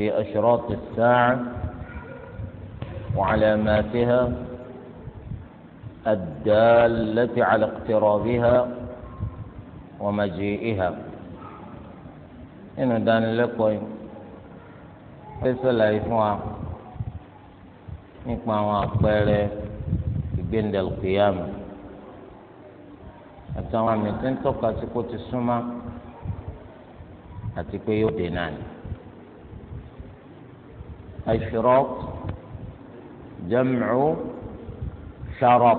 في أشراط الساعة وعلاماتها الدالة على اقترابها ومجيئها إنه دان لكم فسلا يفوا نكما وأقبل بين القيامة من تنتقى سكوت السماء أتكوي ديناني الشراط جمع شرط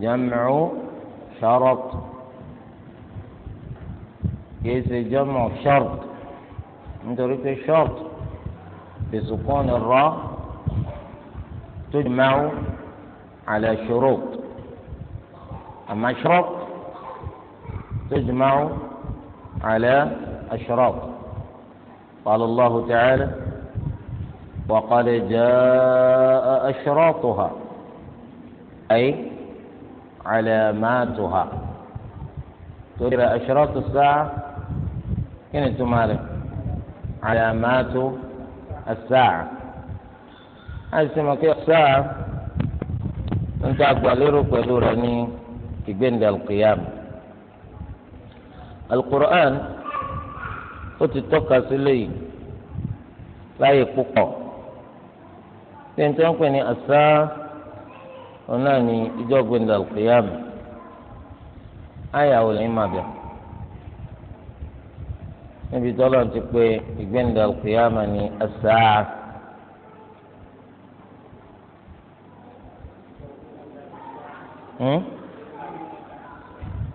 جمع شرط كيس جمع شرط من طريق الشرط بسكون الراء تجمع على شروط أما شرط تجمع على أشراط قال الله تعالى وقد جاء أشراطها أي علاماتها ترى أشراط الساعة كن تمارس علامات الساعة هذه سمكية الساعة أنت أقبلر قدورني كبند القيامة القرآن ó ti tọ́ka sí léyìí láyé púpọ̀ pé ní tí wọ́n pè ní àṣà ọ̀nà ní ìjọ gbẹ̀ndà òkèèyàmù àyàwó lẹ́yìn máa bẹ̀rẹ̀ níbi tọ́lọ̀ ti pé ìgbẹ̀ndà òkèèyàmù ní àṣà.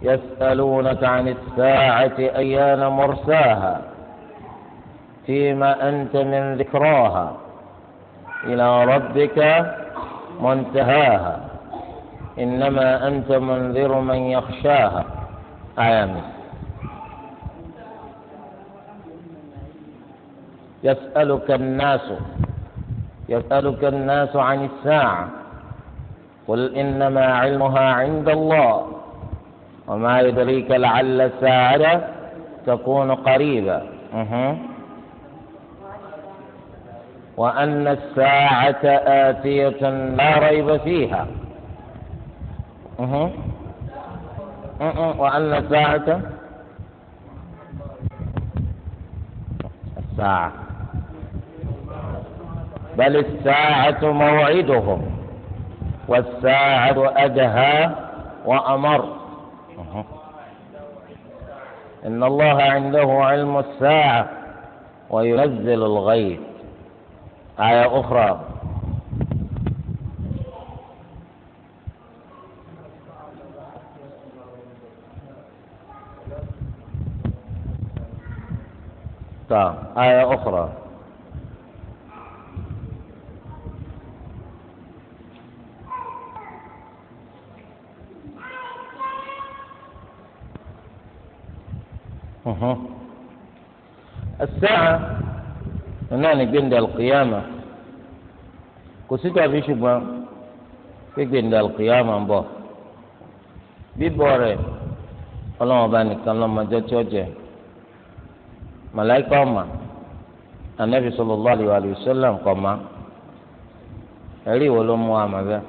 يسألونك عن الساعة أيان مرساها فيما أنت من ذكراها إلى ربك منتهاها إنما أنت منذر من يخشاها آمين آية يسألك الناس يسألك الناس عن الساعة قل إنما علمها عند الله وما يدريك لعل الساعة تكون قريبا وأن الساعة آتية لا ريب فيها أمم. أمم. وأن الساعة الساعة بل الساعة موعدهم والساعة أدهى وأمر أمم. إن الله عنده علم الساعة وينزل الغيث آية أخرى طيب آية أخرى الساعة náà ní gbẹ̀ndà alùkìyàmà kò sí tàbí ṣùgbọ́n pé gbẹ̀ndà alùkìyàmà ń bọ̀ bíbọ̀ rẹ̀ ọlọ́wọ́n bá nìkan lọ́mọdé tí ó jẹ màláìkà ọ̀mà anabi sallallahu alayhi wa sallam kọ́ ma ẹ̀rí wo ló mú àmà bẹ́ẹ̀.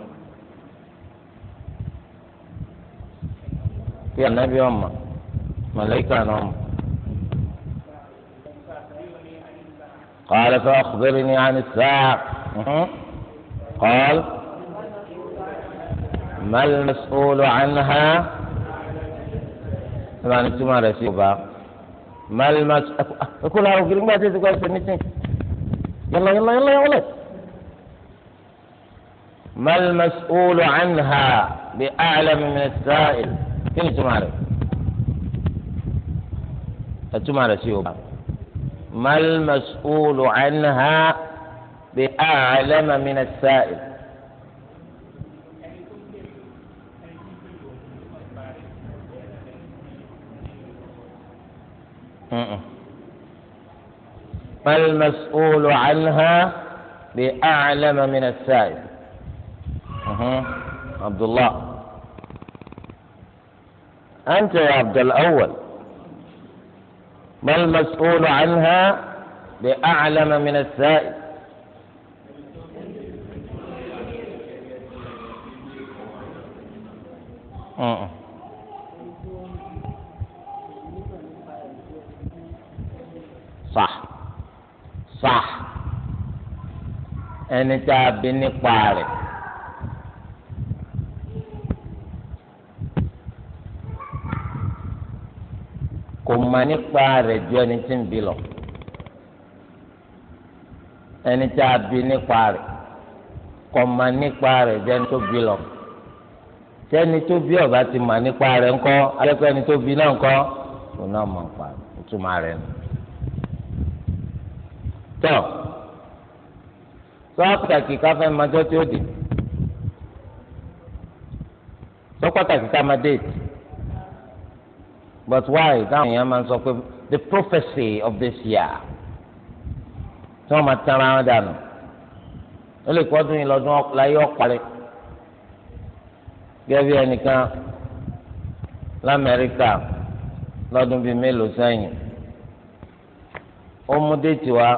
pé anabi ọ̀mà màláìkà náà قال فأخبرني عن الساعة قال ما المسؤول عنها طبعا ما ما المسؤول عنها يلا يلا يلا يا ولد ما المسؤول عنها بأعلم من السائل كيف تمارس؟ تمارس يوبا ما المسؤول عنها بأعلم من السائل ما المسؤول عنها بأعلم من السائل عبد الله أنت يا عبد الأول ما المسؤول عنها بأعلم من السائل أه. صح صح أنت بني قارئ mà nípa rẹ̀ ju ẹni tí ń bi lọ ẹni tí a bi nípa rẹ̀ kò mà nípa rẹ̀ ju ẹni tó bi lọ sẹ́ni tó bí ọba ti mà nípa rẹ̀ ńkọ́ alẹ́kọ́ ẹni tó bí náà ńkọ́ òun náà mọ̀ nípa rẹ̀ ìtumọ̀ rẹ̀ nù. tọ́ sọ pàtàkì káfẹ́ mọ́jọ́ tí ó dì sọ pàtàkì ká má déètì but why táwọn èèyàn máa ń sọ pé the prophecy of this year tí wọ́n máa tán ara wọn dànù ó lè kọ́ dún yìí lọ́dún láyé ọ̀parí gẹ́gẹ́ bí ẹnìkan lamẹ́ríkà lọ́dún bíi mélòó sẹ́yìn ó mú déètì wá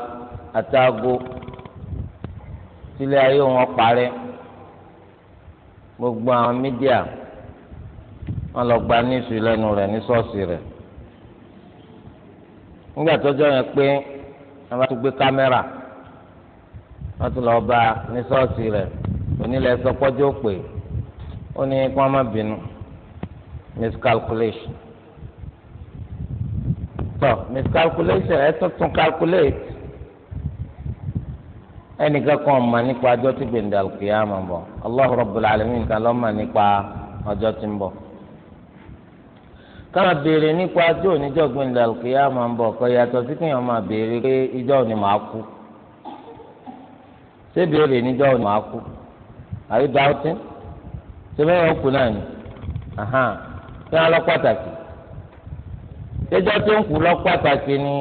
àtàgò sílé ayé wọn parí gbogbo àwọn mídíà. wọn lọ gba níṣu lẹ́nu rẹ ní ṣọ́ọ̀ṣì rẹ nígbà tọ́jọ́ yẹn pé wọn bá tún gbé kámẹ́rà wọn tún lọ bá ní miscalculation tọ miscalculation ẹ tuntun calculate ẹnìkan kan mọ̀ nípa ọjọ́ tí nìkan káwọn béèrè nípa tí oníjọgbìn ìdàlùkìyà máa ń bọ̀ kọ yàtọ̀ sí kéèyàn máa béèrè pé ìjọ ni màá kú ṣé béèrè níjọ ni màá kú àbí dáwọtí ṣé bẹ́ẹ̀ yóò kú náà ni kí wọ́n lọ pàtàkì ṣéjọ́ tó lọ pàtàkì ni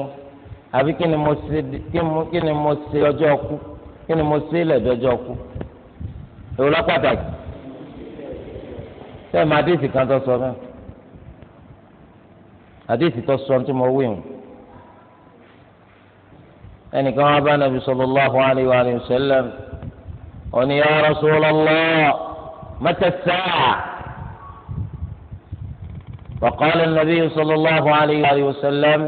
àbí kí ni mo ṣe kí ni mo ṣe ọjọ́ kú kí ni mo ṣe lẹ́dọ̀jọ́ kú èrò lọ pàtàkì ṣé àdéhìí tó sọ tí mo wí hùn ẹnìkan wá bá nàbì sallallahu alayhi wa sallam òní ya Rasulullah mata as-sa'a فقال النبي صلى الله عليه وسلم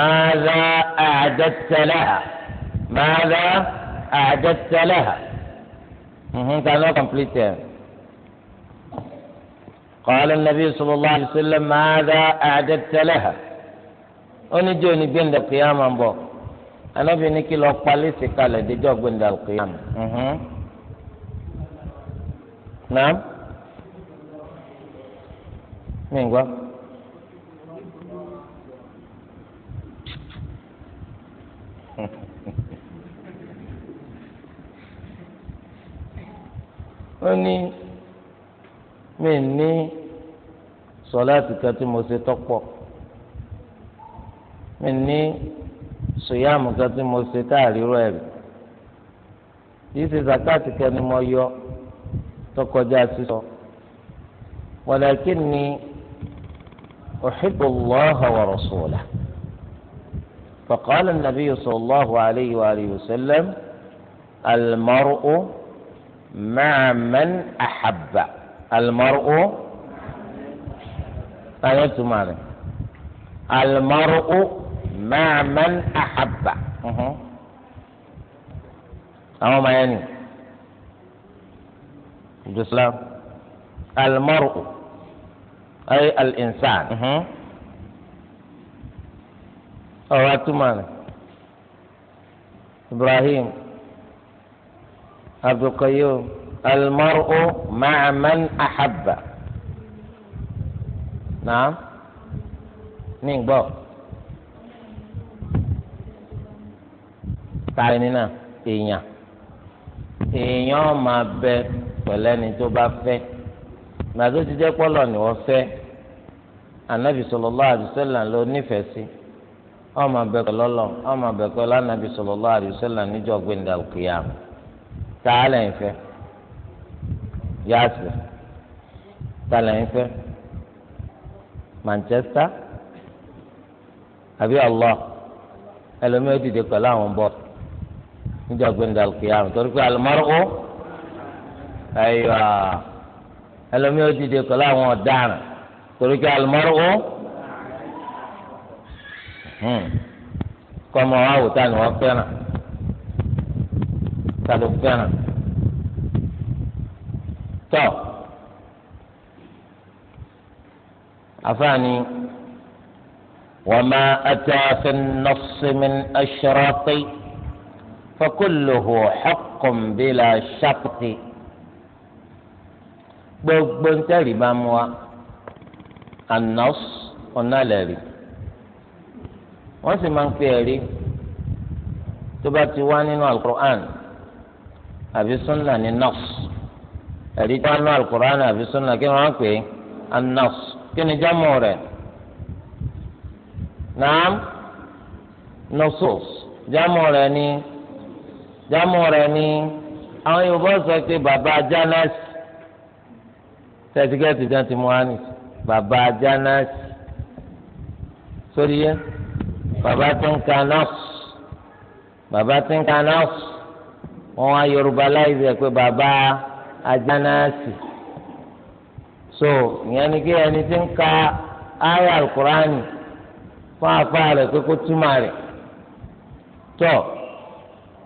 ماذا أعددت لها ماذا أعددت لها كان كومبليت قال النبي صلى الله عليه وسلم ماذا أعددت لها oníjó ni gbẹ̀ndẹ̀ kìyàmà ń bọ̀ anábì ní kí lọ palẹ̀ sí kalẹ̀ díjọ́ gbẹ̀ndẹ̀ kìyàmà. naam mi gbọ́. ó ní mi ní sọláàtì kan tí mo ṣe tọ́pọ̀ mi ní sòyàmù kan tí mo ṣe táàrírọ ẹ̀rí yìí ṣe zakati kan ni mo yọ tọkọjá sísọ walakinni uhibbu Allaha wa rasulahu faqala an-nabiyyu sallallahu alayhi wa wa sallam al-mar'u ma'a man ahabba. المرء أنا تمارين المرء مع من أحب أهو ما يعني الإسلام المرء أي الإنسان أهو تمارين إبراهيم عبد القيوم المرء مع من أحب نعم مين بو تعالي نينا إينا èèyàn bẹ pẹ̀lẹ́ni tó bá fẹ́ màdó na jẹ́ pọ́lọ̀ ni wọ́n fẹ́ anabi sallallahu alaihi wasallam ló nífẹ̀ẹ́ sí ọmọ abẹ pẹ̀lú Ọlọ́run ọmọ abẹ anabi sallallahu alaihi wasallam níjọ́ gbẹndà taa yáàsì tala yín fẹ́ Manchester àbí Allah ẹlòmíì ó dìde pẹ̀lú àwọn bọ́ọ̀ níjọ́ gbẹ̀ndà kìyàmù torí pé alùmọ́rùkù ayọ̀ ẹlòmíì ó dìde pẹ̀lú àwọn ọ̀daràn torí pé alùmọ́rùkù hmm, kọ́mọ àwòtá ni wọ́n fẹ́ràn tá ló fẹ́ràn tọ́ àfààní wàmà àtàfin nọ́ọ̀sìmìn aṣọ́rọ́pì fakuluhu xaqun bila ṣaqti gbogbo ntẹ̀rì bá mu wa anọ́s ọ̀nàlẹ́rì wọ́n sì máa ń pè ẹ̀rí tó bá ti wá nínú alukur'an àbí sunna ní nọ́ọ̀sì ẹ̀rí tí wọ́n ná alukur'an àfi sunna kí wọ́n pè é anas kí ni jámọ̀ rẹ̀ naam nusus jámọ̀ rẹ̀ ni jámọ̀ rẹ̀ ni àwọn yorùbá sọ pé bàbá jánásì tẹ̀síkẹ́tì jẹ́ ti muhani bàbá jánásì sórí yẹn bàbá tó ń ka nọ́ọ̀sì bàbá tó ń ka nọ́ọ̀sì wọ́n wá yorùbá láìsí ẹ̀ pé bàbá ajánáàsì so ìyẹn ni kí ẹni tí ń ka ayé alukurani fún rẹ pé kó túmọ̀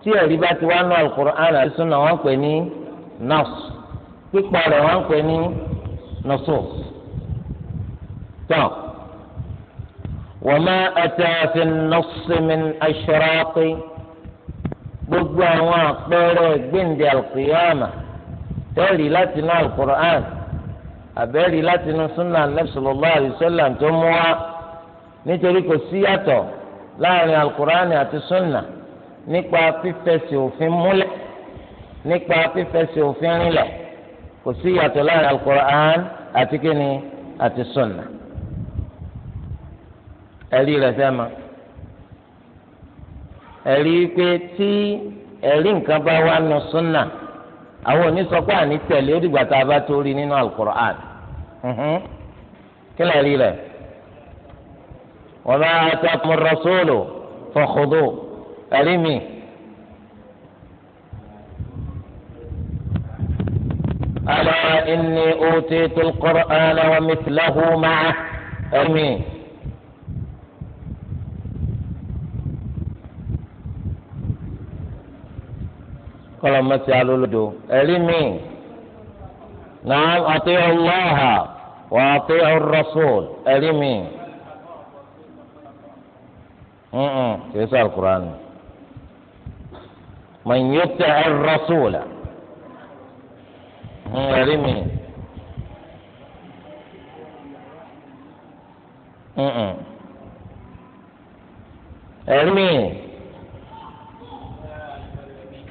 tí ẹ̀rí bá ti wá nù alukurani àti sunna wọ́n pè ní nọ́ọ̀sì pípa rẹ̀ wọ́n pè ní nọ́ọ̀sù tọ́ wọ́n nọ́ọ̀sì mi pé gbogbo àwọn àpẹẹrẹ gbẹ̀ǹdẹ̀ tẹ́rì láti inú alukur'an àbẹ́rì láti inú sunna anabisọlọ́lá àdìsọ́là tó mú wa nítorí kò sí yàtọ̀ láàrin alukur'an àti sunna nípa fífẹsẹ̀ òfin múlẹ̀ nípa fífẹsẹ̀ òfin rinlẹ̀ kò sí yàtọ̀ láàrin alukur'an àti kíni àti sunna ẹ̀rí rẹ̀ fẹ́ ma ẹ̀rí pé tí ẹ̀rí nǹkan bá wà nù sunna àwọn onísọpọ̀ àní tẹ̀lé ó dìgbà tá a bá tó rí nínú alukur'an kí lóò rí rẹ̀ wa ma atakumur rasulu fakhudhu ẹ̀rí mi. ala inni utitul qur'ana wa mithlahu ma'ah ẹ̀rí mi. ọlọ́mọ ti alólódo ẹ̀rí mi náà àti ọlọ́ha wà àti ọrọ́sọ̀l ẹ̀rí mi kìí sọ alukur'an mà ń yóò tẹ ọrọ́sọ̀l ẹ̀rí mi. ẹ̀rí mi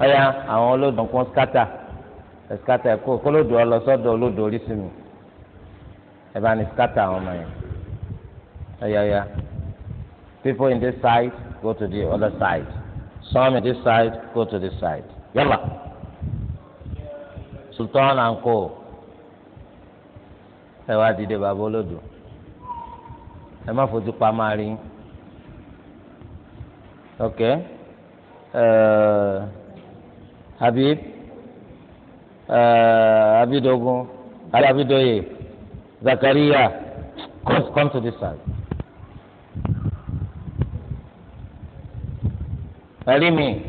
ọ̀yà àwọn olódò kan skata skata ẹ̀kọ́ kólódò ọ lọ sọ́dọ̀ olódò orísun mi ẹ bá ní skata àwọn ọmọ yẹn ọ̀yà ọ̀yà people in this side go to the other side some in this side go to this side yálà sultan and co ẹ wá dìde bàbá olódò ẹ má fojú pa máa rí ok. Uh, Habib uh, Abidogun Alabidoye Zakaria come, come to this side. Alimi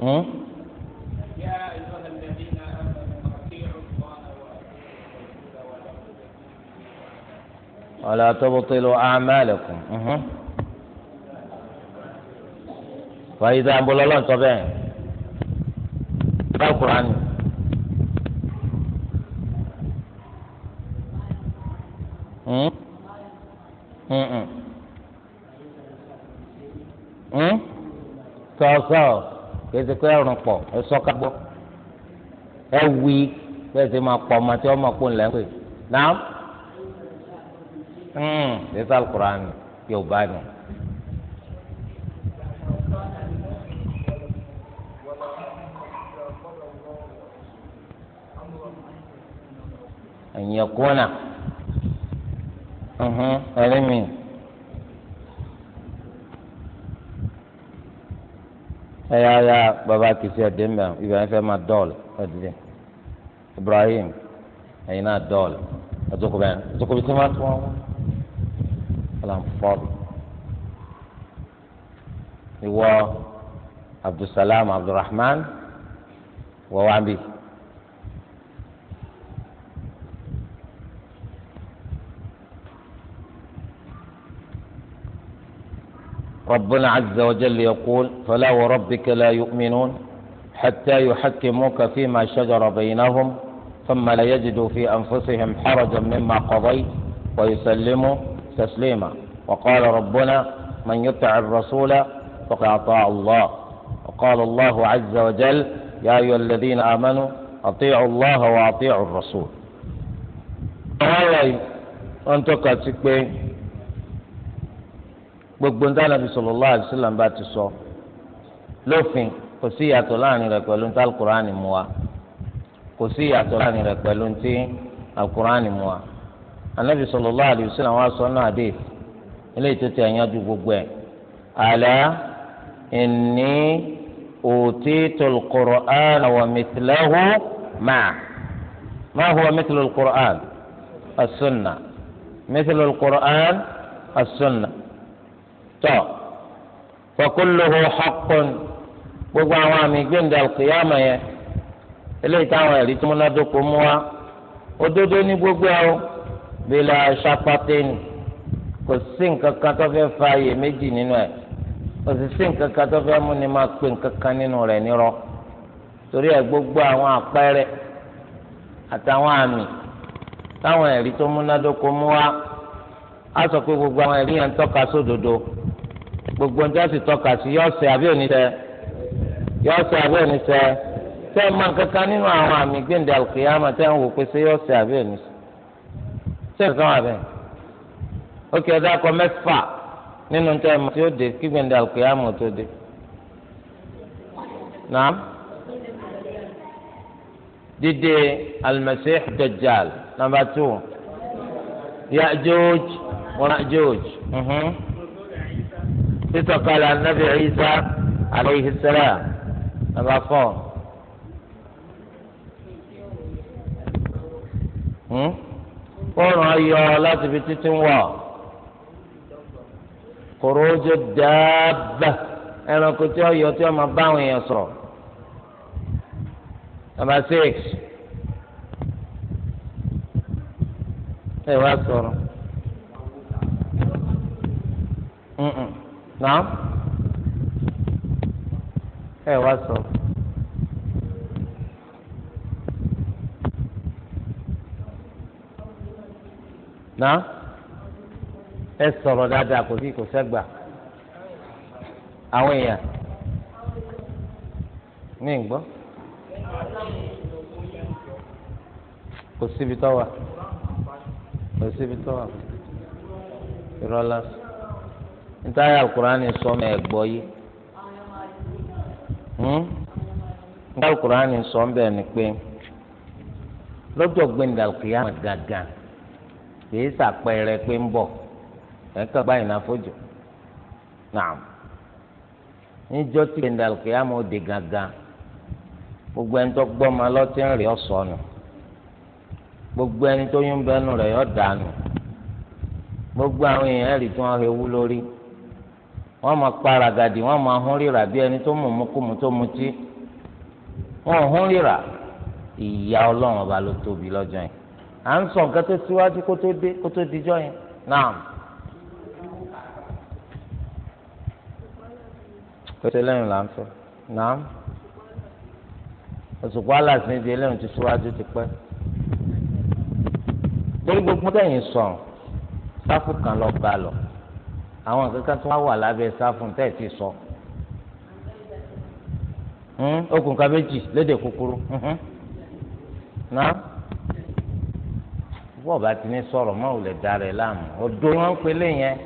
Hmm? ولا تبطلوا أعمالكم fàyídà àbọ̀lọ́lọ́ ń sọ bẹ́ẹ̀ báwo kúrò ánì. Hmm? Hmm, hmm. sọ̀ọ̀sọ̀ kẹsì pé ẹ̀rùn pọ̀ ẹ sọ ká gbọ́ ẹ wí kẹsì máa pọ̀ ọmọ tí wọ́n máa pọ̀ ńlẹ̀ pé náà ẹ̀ sọ àlùkùránì yóò bá nù. أن يكون أها ألمي أيا يا بابا كيسي أدمي إذا فما دول أدلي إبراهيم أين دول أتوكو بين أتوكو بسمات كلام فاضي هو عبد السلام عبد الرحمن ووعبي ربنا عز وجل يقول فلا وربك لا يؤمنون حتى يحكموك فيما شجر بينهم ثم لا يجدوا في أنفسهم حرجا مما قضيت ويسلموا تسليما وقال ربنا من يطع الرسول فقد أطاع الله وقال الله عز وجل يا أيها الذين آمنوا أطيعوا الله وأطيعوا الرسول. أنت كاتب gbogbo ní tànàbí sallallahu alaihi wasallam bá ti sọ lófin kò sí ìyàtọ̀ láàrin rẹ̀ pẹ̀lú tí alukur'ani mú wá kò sí ìyàtọ̀ láàrin rẹ̀ pẹ̀lú tí alukur'ani mú wá anabi sallallahu alaihi wasallam wá sọ náà dé ilé ìtòtí ẹ̀yánjú gbogbo ẹ̀ àlá inni utitul qur'ana wa mithlahu máa máa huwa mithlu al-qur'an as-sunnah mithlu al-qur'an as-sunnah. tọ fọkúlùhù haqqun gbogbo àwọn àmì gbẹ̀ndẹ̀ alùkìyàmà yẹn eléyìí táwọn ẹ̀rí tó múnádóko mú wa òdodo ní gbogbo ẹ̀ o bílà ṣàpàtẹ́nì kò sí nǹkan kan tó fẹ́ fa iye méjì nínú ẹ̀ kò sì sí nǹkan kan tó fẹ́ mú ni máa pè nǹkan kan nínú torí ẹ̀ gbogbo àwọn àpẹẹrẹ àtàwọn àmì táwọn tó mú wa sọ pé gbogbo àwọn yẹn ń tọ́ka sódodo. gbogbo ń tẹ́sí tọ́ka sí yọ ọ̀sẹ̀ àbí oníṣẹ́ yọ ọ̀sẹ̀ àbí oníṣẹ́ tẹ́ ẹ máa kankan nínú àwọn àmì gbẹ̀ǹdẹ̀ àlùkìyàmà tẹ́ ẹ ń wò pé ṣé yọ ọ̀sẹ̀ àbí oníṣẹ́ ṣé nǹkan wà bẹ́ẹ̀ ó kí ẹ dákọ mẹ́fà nínú tẹ́ ẹ máa tí ó dé kí gbẹ̀ǹdẹ̀ àlùkìyàmà tó dé. Naam dídé almasih dajjal nàmbà tù Ya'juj wa Ma'juj. Mhm sísọ̀kalẹ̀ anabi Isa alayhi salam nàbà fọ́. Oòrùn hmm? ayọ̀ láti fi títí wọ̀. Kòròjò dáàbà ẹranko tí ó yọ tí ó máa bá àwọn èèyàn sọ̀rọ̀. Nàbà six. Ẹ wá sọ̀rọ̀ nàá ẹ wá sọ. nàá ẹ sọ̀rọ̀ dáadáa kò sí kò sẹ́gbà àwọn èèyàn ní ìgbọ́ kò síbi tó wà kò síbi tó wà nítorí alukurani sọmọ ẹgbọ yìí hmm? nítorí alukurani sọmọ bẹ́ẹ̀ ni pé lọ́jọ́ gbẹ̀ndà kìyàmù gàgà kìí sàpẹrẹ pé ń bọ̀ ẹ̀ka báyìí náà fojú náà níjọ́ tí gbẹ̀ndà kìyàmù òde gàgà gbogbo ẹni tó gbọ́ ma lọ́tí ń rí gbogbo ẹni tó yún bẹ́ẹ̀ nù rẹ̀ yọ̀ dànù gbogbo àwọn èèyàn rí tí wọ́n hewu lórí. wọ́n máa para gàdì wọ́n máa hún ríra bí ẹni tó mú mukúmu tó mutí wọ́n hún ríra ìyá ọlọ́run ọba ló tóbi lọ́jọ́ yẹn à ń sọ nǹkan tó síwájú kó tó dé kó tó dijọ́ yẹn náà. pété lẹ́yìn là ń fẹ́ náà òṣùpá aláàfin ìdí ẹlẹ́yìn ti síwájú ti pẹ́ torí gbogbo tẹ̀yìn sọ̀rọ̀ sáfù kan lọ́ọ́ bá lọ àwọn kankan tó wà lábẹ́ sáfún tẹ́ ẹ̀ ti sọ hmm? okùn kábéjì lédè kúkúrú hmm? náà bọ́ọ̀ bá ti ní sọ̀rọ̀ mọ́ ò lè darẹ̀ láàmú odò wọn ń pè léyìn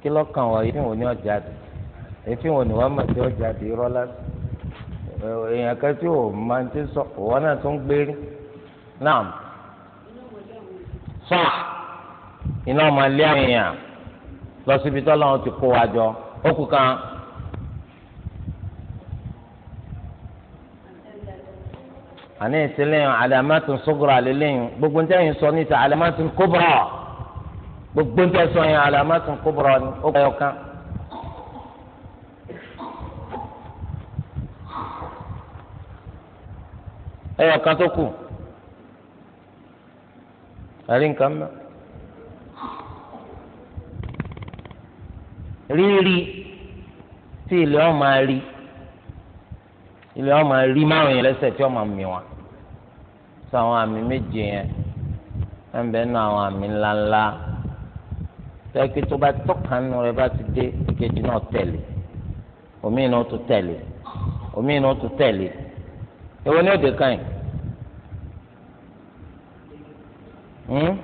kí lọ́kàn wọ̀ yìí wọ́n ní ọjà dé ètí wọ́n ní wọ́n mọ̀ sí ọjà dé rọ́lá èèyàn kan tí ò máa ń tẹ́ sọ òwò náà tó ń gbérí náà sọ́ọ̀ iná ọmọ ilé àwọn èèyàn lọ síbi tọ́lọ́run ti kó wa jọ ó kù kan. àní ìtìlẹ́yìn alamatun sugra lélẹ́yìn gbogbo ní tẹ́yìn sọ níta alamatun kubra gbogbo ní tẹ́yìn sọ yẹn alamatun kubra ni ó kọ́ ẹ̀yọ̀kan. ẹ̀yọ̀kan tó kù ẹ̀rí nǹkan mẹ́rin. rírí tí ilẹ̀ ọ̀ máa rí ilẹ̀ ọ̀ máa rí márùn yẹn lẹ́sẹ̀ tí ọ̀ máa mì wọn sọ àwọn àmì méje yẹn ẹnbẹ nù àwọn àmì ńláńlá tẹ́kí tó bá tọ́ka nù rẹ bá ti dé ìkejì náà tẹ̀lé omi náà tó tẹ̀lé omi náà tó tẹ̀lé èwo ni òde kan yìí hmm?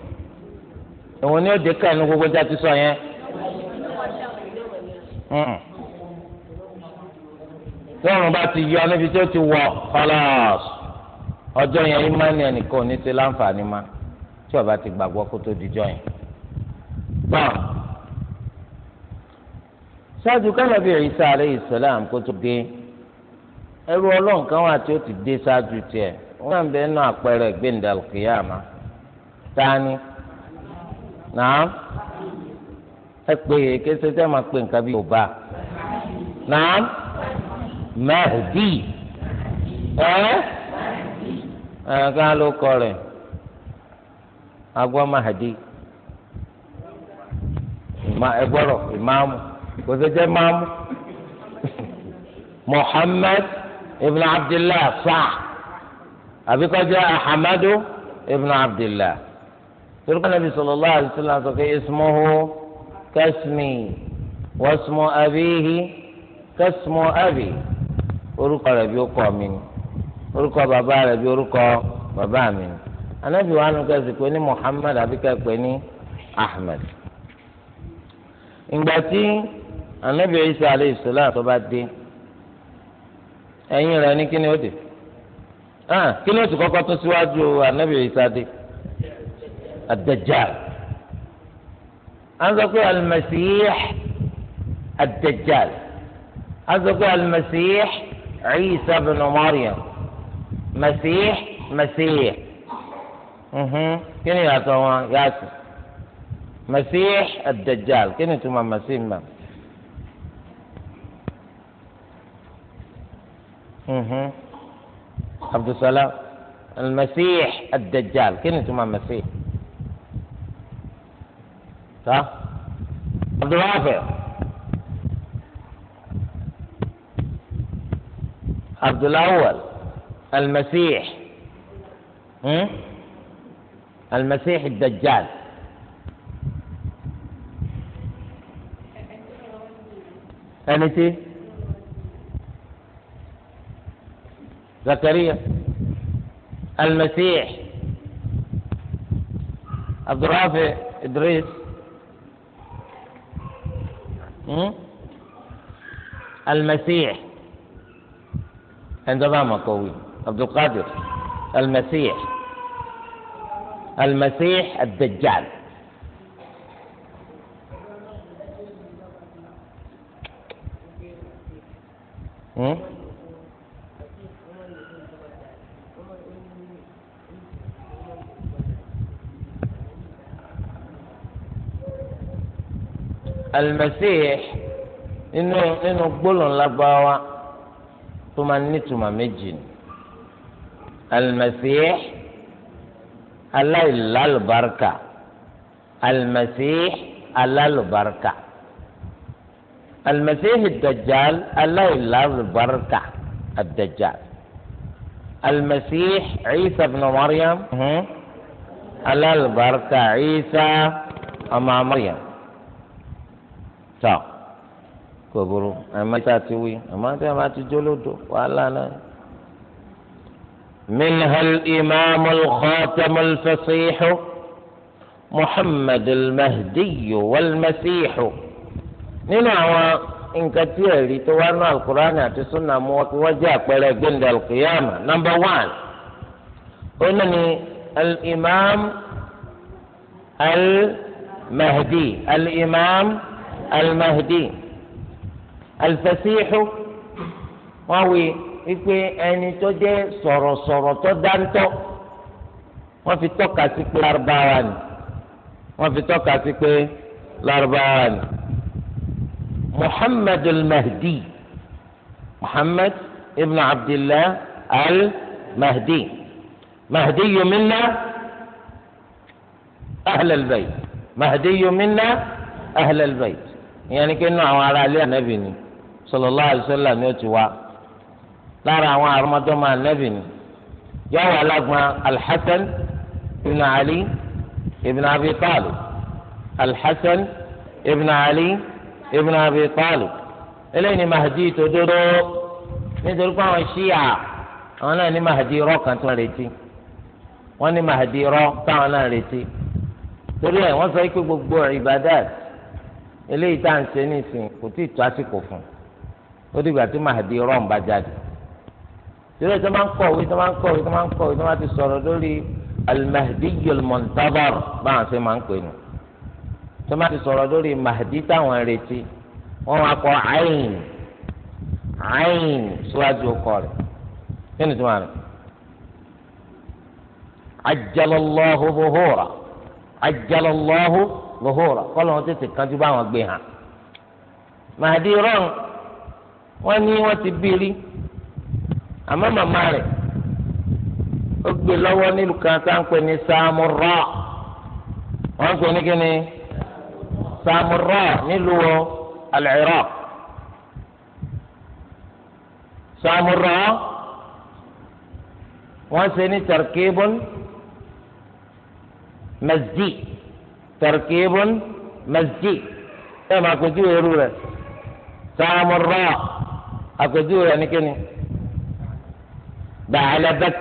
èwo ni òde kan yìí ní gbogbo jáde sọ yẹn. Mm. tí ọrùn bá ti yọ níbi tí ó ti wọ kọlọs ọjọ́ yẹn ìmánì ẹnìkan ò ní ṣe láǹfààní má tí ọba ti gbàgbọ́ kó tó dijọ́ yẹn. bọ́n ṣáàjú kánábì Ìsá aláyhi sàlám kó tó dé ẹrú ọlọ́run kan wà tí ó ti dé ṣáájú tiẹ̀ wọ́n náà bẹ́ẹ̀ náà àpẹẹrẹ gbẹ̀ǹdàlùkìyàmá tání nàá. ẹ pé kése tẹ́ máa pé nǹkan bí yorùbá náà mẹ́ẹ̀dì ẹ́ ẹ̀ka ló kọ rẹ̀ agbọ́n mahadi ẹgbọ́rọ̀ ìmáàmù kò sí jẹ́ máàmù Muhammad ibn Abdullah sáà àbíkọ́jẹ́ ahamadu ibn Abdullah. Turkana bi sallallahu alaihi wasallam sọ pé ismuhu. كاسمي واسم أبيه كاسم أبي orúkọ rẹ̀ bí orúkọ mi ni orúkọ bàbá rẹ̀ bí orúkọ bàbá mi ni anabi wa nù kẹsì pé ní Muhammad àbí kẹpẹ ní Ahmed ìgbà tí anabi Isa aleyhi salam tó bá dé ẹ̀yìn rẹ̀ ní kíni ó dé ah kíni ó ti kọ́kọ́ tó síwájú anabi Isa dé Ad-Dajjal. أنا أقول المسيح الدجال أنا أقول المسيح عيسى بن مريم مسيح مسيح اها كن يا ياسر مسيح الدجال كن توما مسيح ما اها عبد السلام المسيح الدجال كن توما مسيح صح؟ عبد الرافع عبد الأول المسيح المسيح الدجال أنتي زكريا المسيح عبد الرافع إدريس المسيح عندما ما قوي عبد القادر المسيح المسيح الدجال Hmm? alimẹsíh nínú nínú gbólóhùn lágbáwá tó máa nítumọ̀ méjì ni alimẹsíh aláìlálùbáríkà alimẹsíh alálùbáríkà alimẹsíh dajjal aláìlálùbáríkà adajjal alimẹsíh Isa bin Maryam alálùbáríkà Isa ọmọ Maryam. tọ́ kò burú àmọ́ tá a ti wí àmọ́ tá a máa ti jólódò wàhálà náà. منها الإمام الخاتم الفصيح محمد المهدي والمسيح nínú àwọn nǹkan tí ẹ̀rí tó wá ní alukur'an àti sunna mu wá kí wọ́n jẹ́ àpẹẹrẹ gbẹ̀ndẹ̀ alukuyama nọmba wán ó náà ni al-imam al-mahdi al-imam al-mahdi. المهدي الفسيح wáwé wípé ẹni tó jẹ́ sọ̀rọ̀sọ̀rọ̀ tó dáńtọ́ wọ́n fi tọ́ka sí pé lárúbáwá ni wọ́n fi tọ́ka sí pé lárúbáwá ni muhammadu al-mahdi muhammad ibn abdullah al-mahdi mahdi yomina ahlal bayt mahdi yomina ahlal bayt. ìyẹn ni pé nínú àwọn ará ilé ànábì ni sallallahu alaihi wasallam ni ó ti wá lára àwọn àrọmọdọ́mọ ànábì ni yóò wà lágbọn alḥasan ibn ali ibn abi talib alḥasan ibn ali ibn abi talib eléyìí ni mahadi tó dúró nítorí pé àwọn ṣíà àwọn náà ní mahadi irọ́ kan tó ń retí wọ́n ní mahadi irọ́ táwọn náà retí torí ẹ̀ wọ́n sọ pé gbogbo ìbádàt eléyìí tá à ń ṣe nísìnyí kò tí ì tó àsìkò fún un ó dìgbà tí Mahdi rọ́ọ̀n bá jáde torí tó máa ń kọ̀wé tó máa ń kọ̀wé tó máa ń kọ̀wé tó máa ti sọ̀rọ̀ lórí al-Mahdiyyul Muntazar báwọn ṣe máa ń pè nù tó máa ti sọ̀rọ̀ lórí Mahdi táwọn retí wọ́n máa kọ ayin ayin síwájú ọkọ rẹ̀ kí ni tó máa rẹ̀ ajjalallahu buhura ajjalallahu lọ́hóòrà kọ́lọ́ wọn tètè kanjú bá wọn gbé hàn màdí rọ́ọ̀n wọ́n ní wọ́n ti bí rí àmọ́ màmá rẹ̀ ó gbé lọ́wọ́ nílùú kan sáńpẹ́ ní sàmúrà wọ́n sọ ní kíni nílùú al-Iraq sàmúrà ṣe ní tarkibun mazdi. تركيب مزجي كما إيه كنتو سام سامراء أكدو يعني كني بعلبك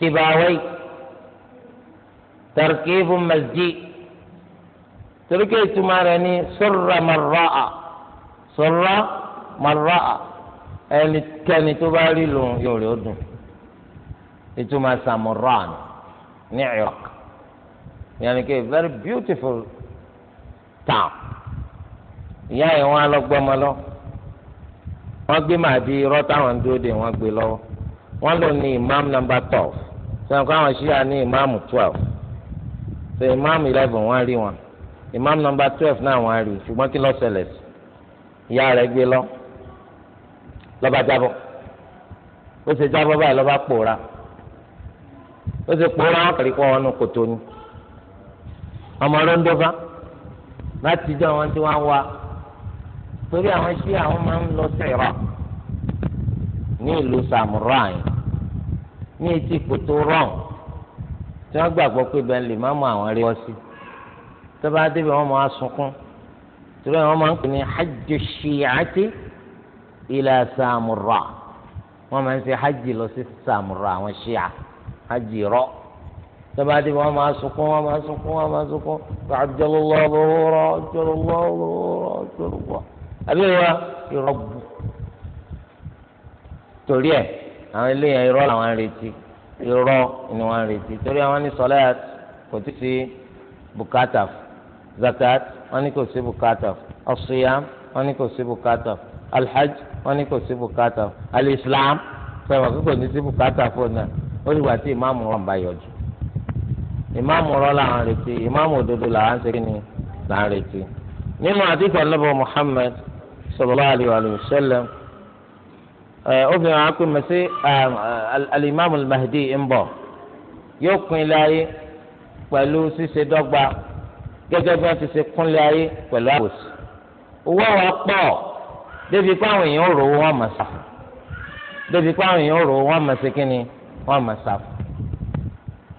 سباوي تركيب مزجي تركيب تمارني يعني سر سر من راء kẹni tó bá rí lòun yóò rí ó dùn ìtumọ̀ yàrá kí very beautiful town ìyá yẹn wọn alọgbọmọ lọ wọn gbé màdí irọ́ táwọn ń dúró de wọn gbé lọ́wọ́ wọn lò ní imam number twelve sọ̀rọ̀ kó àwọn ṣíà ní imam twelve so imam eleven wọn rí wọn imam number twelve náà wọn rí ṣùgbọ́n kí ló ṣẹlẹ̀ sí ìyá rẹ̀ gbé lọ lọ́ba jábọ̀ ó ṣe jábọ̀ báyìí lọ́ba pòórá ó ṣe pòórá wọn kàrí kó wọn nu kòtò ni ọmọ lọ́ńdọ́fà láti jọ àwọn tí wọ́n wá torí àwọn ṣí àwọn máa ń lọ sẹ́ra ní ìlú samurai ní etí kòtò rọ́ọ̀n tí wọ́n gbàgbọ́ pé bẹ́ẹ̀ lè má mọ àwọn rí wọ́n sí tó bá débi wọ́n máa sunkún torí wọ́n máa ń pè ní hajj ṣìyàtì ila samurai wọ́n máa ń ṣe hajj lọ sí samurai àwọn ṣìyà hajj rọ́ọ̀ tọ́ba dé wọ́n máa sunkún wọ́n máa sunkún wọ́n máa sunkún àjọlọ́lọ́ lọ́wọ́rọ́ àjọlọ́lọ́ lọ́wọ́rọ́ àjọlọ́lọ́ àbíyẹ̀wò irọ́ bù torí ẹ̀ àwọn eléyàn irọ́ làwọn ń retí irọ́ ni wọ́n ń retí torí àwọn ní sọláàt kò tí sí bùkátà zakat wọ́n ní kò sí bùkátà ọ̀sùyàm wọ́n ní kò sí bùkátà alhaj wọ́n ní kò sí bùkátà alislam fẹ́ràn kò ní sí bùkátà fún náà ó lè wá sí ìmáàmù wọn bá yọjú ìmáàmù ọ̀rọ̀ làwọn retí ìmáàmù òdodo làwọn ṣe kíni làwọn retí. nínú àdìgbà lọ́bọ̀ Muhammad sallallahu alaihi wa sallam obìnrin àwọn akpé mẹsẹ alimami Mahdi ń bọ̀ yóò kún ilé ayé pẹ̀lú ṣíṣe dọ́gba gẹ́gẹ́ bí wọ́n ti ṣe kún ilé ayé pẹ̀lú àbòsí. owó àwọn pọ̀ débi pé àwọn èèyàn ò wọn mọ̀ sáfù débi pé àwọn èèyàn ò wọn mọ̀ sí wọn mọ̀ sáfù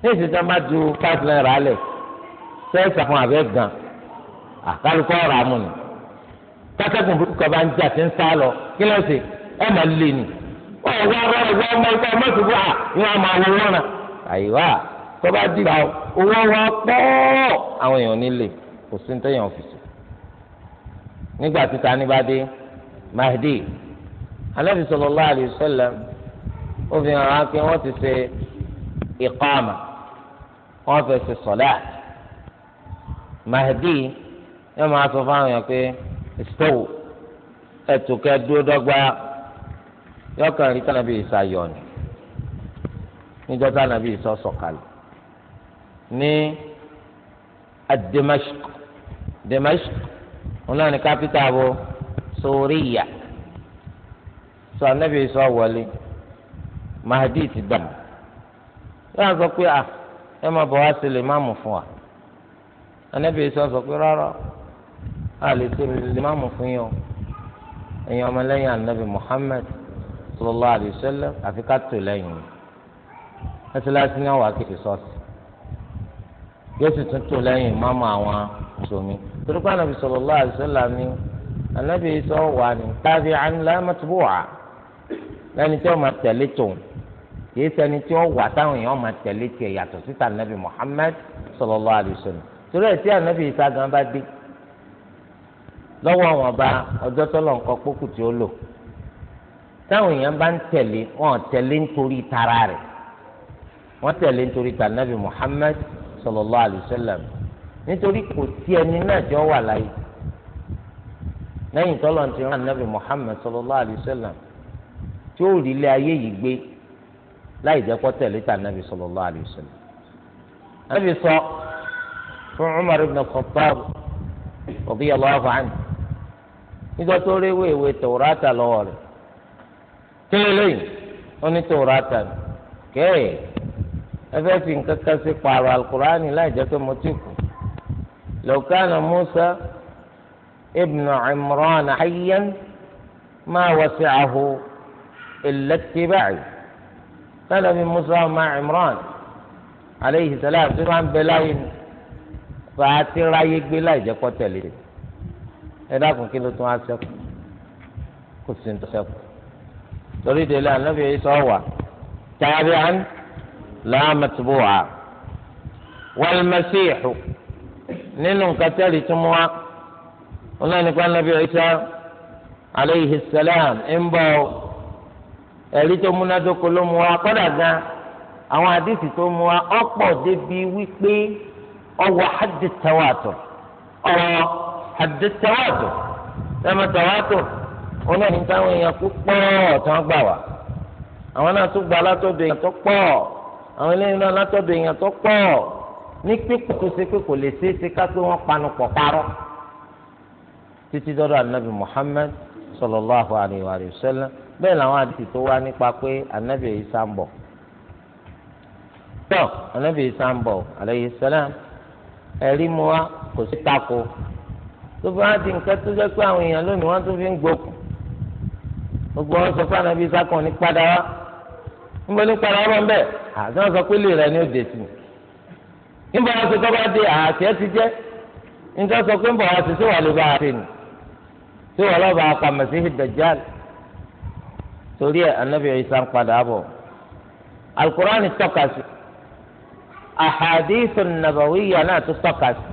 ní ìsinsìnyí má ju five naira lẹ̀ sẹ́ẹ̀sì àwọn abẹ́ gan àkálùkọ́ ọ̀rọ̀ amú ni kátàkùn burúkú kan bá ń jà sí ń sá lọ kí ló ṣe ẹ máa lé ni wọ́n wá rọ ìwọ ọmọ ìgbà mọ́tò bá ni wọ́n máa wọ wọ́n na àyíwá tó bá dìgbà owó wa pọ̀ àwọn èèyàn nílé kò sí ní tẹ́yàn ọ̀fìsì nígbà tí tani bá dé Mahdi Ànábì sallallahu alaihi wasallam ó fi hàn án pé wọ́n ti ṣe ìkọ́ àmà wọ́n fẹ́ ṣe sọ̀lá mahdi yóò máa sọ fáwọn èèyàn pé stow ẹ̀tù kẹ́ dúró dọ́gba yóò kàn rí tànàbí ìsayọ̀ ni níjọ́ tànàbí ìsọ sọ̀kalẹ̀ ní ademashq demashq wọn náà ní kápítà bo sóríyà sọ ànábì ìsọ wọlé mahdi ti dàmú yóò sọ pé ah ẹ má bọ̀ wá sí lè má mú fún wa anábì sọ sọ pé rárá a lè sí lè má mú fún yín o ẹ̀yin ọmọlẹ́yìn anábì Muhammad sallallahu alayhi wa sallam àfi ká tó lẹ́yìn mẹsàlásí náà wà kéde sọ́ọ̀sì yóò sì tún tó lẹ́yìn ìmáàmù àwọn sòmí torípa anábì sallallahu alayhi ni anábì sọ wà ní tábì'an la matbu'a lẹ́ni tí wọ́n máa tẹ̀lé tòun kìí ṣẹni tí wọ́n wà táwọn èèyàn máa tẹ̀lé tiẹ̀ yàtọ̀ síta nàbì Muhammad sallallahu alaihi wasallam torí ẹ̀ tí ànábì Ìsá gan bá dé lọ́wọ́ àwọn ọba ọjọ́ tọ́lọ̀ nǹkan pókù tí ó lò táwọn èèyàn bá ń tẹ̀lé wọn tẹ̀lé nítorí tara rẹ̀ wọ́n tẹ̀lé nítorí ta nàbì Muhammad sallallahu alaihi nítorí kò sí ẹni náà jọ wà láyé lẹ́yìn tọ́lọ̀ ti rán nàbì Muhammad sallallahu alaihi tí ó rí ilé ayé yìí láì jẹ́ kó tẹ̀lé tà nàbì sallallahu alaihi wasallam. nàbì sọ fún Umar ibn Khattab radiyallahu anhu nígbà tó rí wéèwé tòwúrátà lọ́wọ́ rẹ̀ kílélẹ́yìn ó ní tòwúrátà kéè ẹ fẹ́ fi nǹkan kan sí pààrọ̀ alukur'ani láì jẹ́ pé mo ti kù law kana Musa ibn Imran hayyan ma wasi'ahu illa ittiba'i sanabi musa ọmọ imran aleyhi salam tí wọn bẹ láyé ni fàá ti ráyé gbé láì jẹ kọ tẹlẹ ẹ dákun kí ló tún á ṣẹ́kù kò sí ní tó ṣẹ́kù torí délé anabi isa wà tàbí à ń láàmẹtìbò wà wàlmẹsíìxù nínú nǹkan tẹ́lẹ̀ tí mo wá wọn náà nípa anabi isa aleyhi salam ń bọ̀ ẹ̀rí tó múnádóko ló mú wa kọ́dà gan àwọn àdìsí tó mú wa ọ̀pọ̀ débi wípé ọwọ́ hadìtẹ́wàtò ọ̀rọ̀ hadìtẹ́wàtò tẹ́mẹtẹ́wàtò wọn táwọn èèyàn kú pọ̀ gbà wá àwọn náà tún gba látọ̀dọ̀ èèyàn tó pọ̀ àwọn eléyìí náà látọ̀dọ̀ èèyàn tó pọ̀ ní pípọ̀ tó ṣe pé kò lè ṣe ká pé wọ́n panu pọ̀ alayhi wa bẹ́ẹ̀ làwọn àti tó wá nípa pé anabi isa ń bọ̀ tọ́ anabi isa ń bọ̀ alayhi salam ẹ̀rí mu wa kò sí tako tó fi wá di nǹkan tó jẹ́ pé àwọn èèyàn lónìí wọ́n tún fi ń gbókùn gbogbo wọn sọ fún anabi isa kan ní padà wá níbo ní padà wá bẹ́ẹ̀ àti wọn sọ pé lè rẹ ní òde sí i níbo wọn sọ tó bá dé àti ẹ ti jẹ́ níbo wọn sọ pé níbo wọn sọ sí wà bá a ṣe nì sí wà lọ́ba àpàmọ̀sí ìdẹ̀jáde torí ẹ anabi isa ń padà bọ̀ alukur'an tọ́ka sí ahadithu nabawiya náà tún tọ́ka sí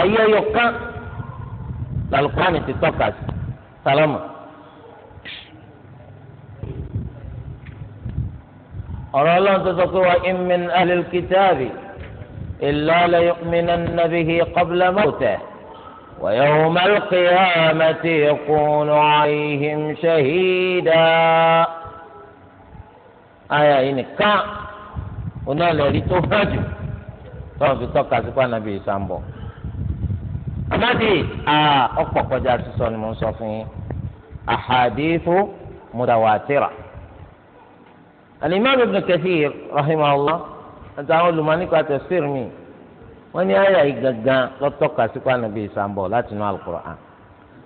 ayẹyẹ kan alukur'an ti tọ́ka sí salama ọ̀rọ̀ ọlọ́run tó sọ pé wa in min ahlil kitaabi illa qabla mawtihi. ويوم القيامة يكون عليهم شهيدا آية إنكا oná lè rí tó hàn jù tọ́wọ́n fi tọ́ka sí pa nàbí ìsàmbọ̀. àmàdì ọ̀pọ̀ kọjá sísọ ni mo ń sọ fún yín àhàdìfù mùdàwàtìrà. alimami ibn kathir rahimahullah àtàwọn siri mi. wọ́n ní àyà yìí gangan lọ́tọ́ka sípò ànábì ìsàmbọ̀ láti inú alukur'an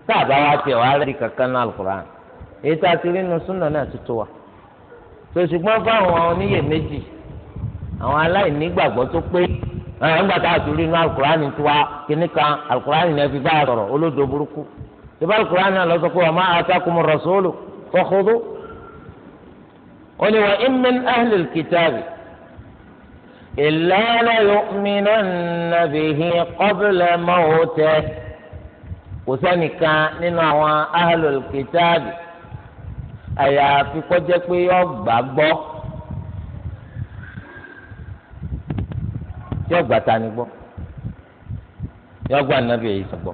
tá a bá wá tẹ̀ wá rí kankan ní alukur'an èyí tá a ti rí inú súnà náà ti tó wa tó ṣùgbọ́n fáwọn oníyèméjì àwọn aláìnígbàgbọ́ tó pé ẹ̀ ńgbà tá a ti rí inú alukur'an tó wa kíní kan alukur'an yẹn fi bá a sọ̀rọ̀ olódò burúkú ìbá alukur'an náà lọ sọ pé wa ma atakumu rasulu fakhudhu ó ní wa in min ahlil kitabi. إلا ليؤمنن به قبل موته وسنكا ننوى أهل الكتاب أيا في قدك يوبا yọgbà tani gbọ́ yọgbà anabi yìí sọgbọ